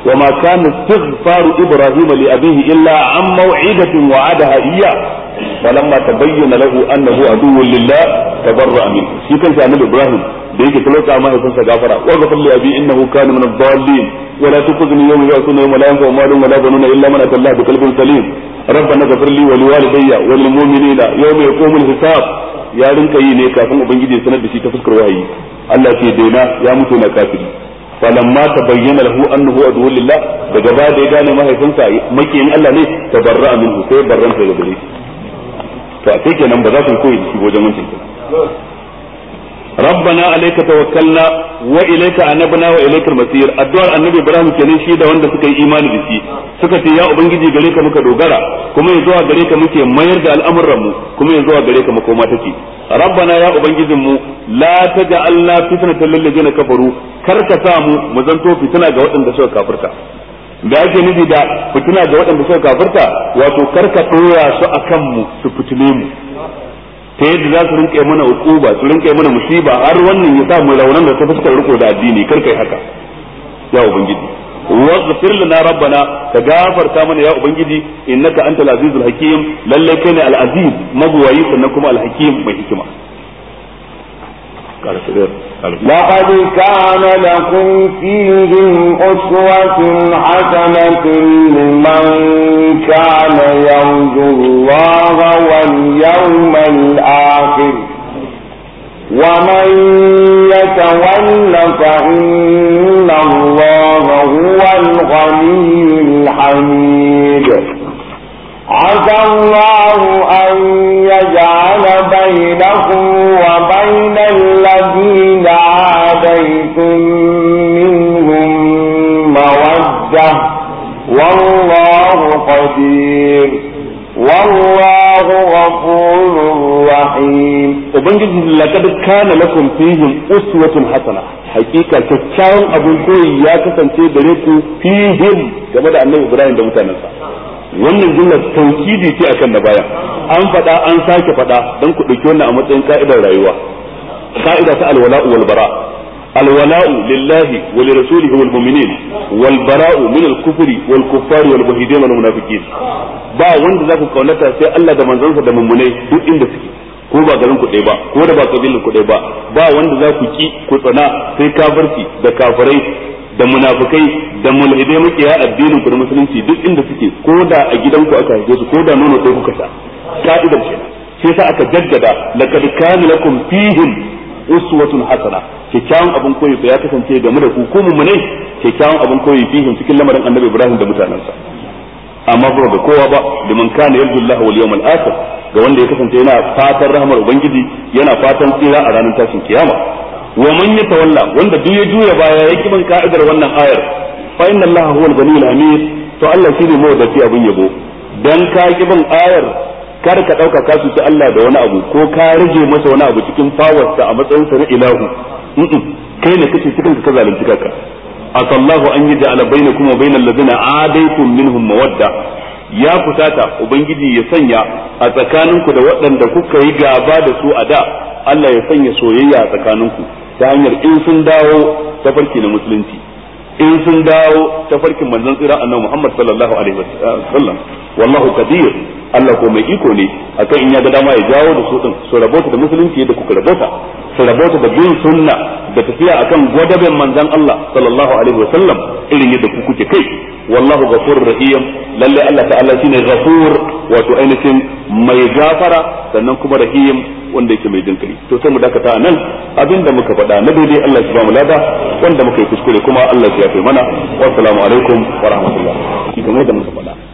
wa ma kana istighfar ibrahim li abihi illa an maw'idatin wa'adaha iyya falamma tabayyana lahu annahu aduwwun lillah tabarra'a min shi kansa annabi ibrahim da yake talauta mahaifinsa gafara wa ghafir li abi innahu kana min ad-dallin wa la tuqzini yawma ya'tuna yawma la yanfa'u malun wa la banuna illa man ata Allah bi qalbin salim ربنا اغفر لي ولوالدي وللمؤمنين يوم يقوم الحساب ya rinka yi ne kafin ubangiji ya sanar da shi ta fuskar wahayi Allah ce daina ya mutu na kafiri falamma bayyana lahu annahu adu lillah daga baya da ya gane mahaifinsa makiyin Allah ne ta tabarra minhu sai barranta da gare shi to a sai kenan ba za su koyi da shi wajen wancan ربنا عليك توكلنا wa انبنا واليك المصير ilaykal النبي ابراهيم annabi ibrahim kenan shi da wanda suka yi imani da shi suka ce ya ubangiji gare ka muka dogara kuma yanzu zuwa gare ka muke mayar da al'amuran mu kuma yanzu zuwa gare ka makoma take rabbana ya ubangijin mu la taj'alna fitnatan lil ladina kafaru kar ka sa mu mu zanto fitina ga waɗanda suka kafirta da ake nufi da fitina ga waɗanda suka kafirta wato kar ka ɗora su akan mu su fitine mu ta yadda za su rinka mana ukuba su rinke mana musiba har wannan ya sa mu raunan da ta fuskar riko da addini kar kai haka ya ubangiji waghfir lana rabbana ka gafarta mana ya ubangiji innaka antal azizul hakim lalle kai ne al aziz magwayi sannan kuma al hakim mai hikima قال سبيل لقد كان لكم فيهم أسوة حسنة لمن كان يرجو الله واليوم الآخر ومن يتول فإن الله هو الغني الحميد عسى الله أن يجعل بينكم وبين الذين عاديتم منهم مودة والله قدير والله غفور رحيم وبنجد لقد كان لكم فيهم أسوة حسنة حقيقة كتاون أبو كوي يا كسنتي بريكو فيهم كما النبي إبراهيم ده متنسى wannan jumlar taukidi ce akan na baya an faɗa an sake faɗa don ku ɗauki wannan a matsayin ka'idar rayuwa ka'ida ta alwala'u wal bara alwala'u lillahi wa li rasulihi wal mu'minin wal bara'u min al kufri wal kuffari wal muhidin wal munafiqin ba wanda zaku kaunata sai Allah da manzansa da mummunai duk inda suke ko ba garin ku ba ko da ba kabilan ku ba ba wanda za ku ki ku tsana sai kafirci da kafirai da munafukai da mulhidai makiya addinin ku na musulunci duk inda suke ko da a gidanku aka haife su ko da nono ko kuka sha ka'idar kenan sai sa aka jaddada laqad kana lakum fihim uswatun hasana kyakkyawan abin koyi ya kasance mu da ku ko mu ne kyakkyawan abin koyi fihim cikin lamarin annabi Ibrahim da mutanansa amma ba ga kowa ba liman kana yarju Allah wal yawmal akhir ga wanda ya kasance yana fatan rahmar ubangiji yana fatan tsira a ranar tashin kiyama wa man yatawalla wanda duk ya juya baya ya kiban ka'idar wannan ayar fa inna allaha huwal ghaniyyul hamid to Allah shine mawadaci abin yabo dan ka kiban ayar kar ka dauka ka cuci Allah da wani abu ko ka rage masa wani abu cikin fawarsa a matsayin sa na ilahu kai ne kace cikin ka zalunci kanka asallahu an yaj'ala bainakum wa bainal ladina adaytum minhum mawadda ya kusata ubangiji ya sanya a tsakaninku da waɗanda kuka yi gaba da su a da Allah ya sanya soyayya a tsakaninku ta hanyar in sun dawo tafarki na musulunci in sun dawo ta farkin manzon tsira annabi Muhammad sallallahu alaihi wasallam wallahu kadir Allah ko mai iko ne akan in ya ga dama ya jawo da su din su rabota da musulunci da kuka rabota su rabota da bin sunna da tafiya akan gwadaben manzon Allah sallallahu alaihi wasallam irin yadda ku kuke kai wallahu ghafurur rahim lalle Allah ta'ala shine ghafur wato ainihin mai gafara sannan kuma rahim wanda yake mai jinkari to sai mu dakata nan abin da muka faɗa na daidai Allah ya ba mu lada wanda muka yi kuskure kuma Allah ya yafe mana wa assalamu alaikum wa rahmatullah kamar da muka faɗa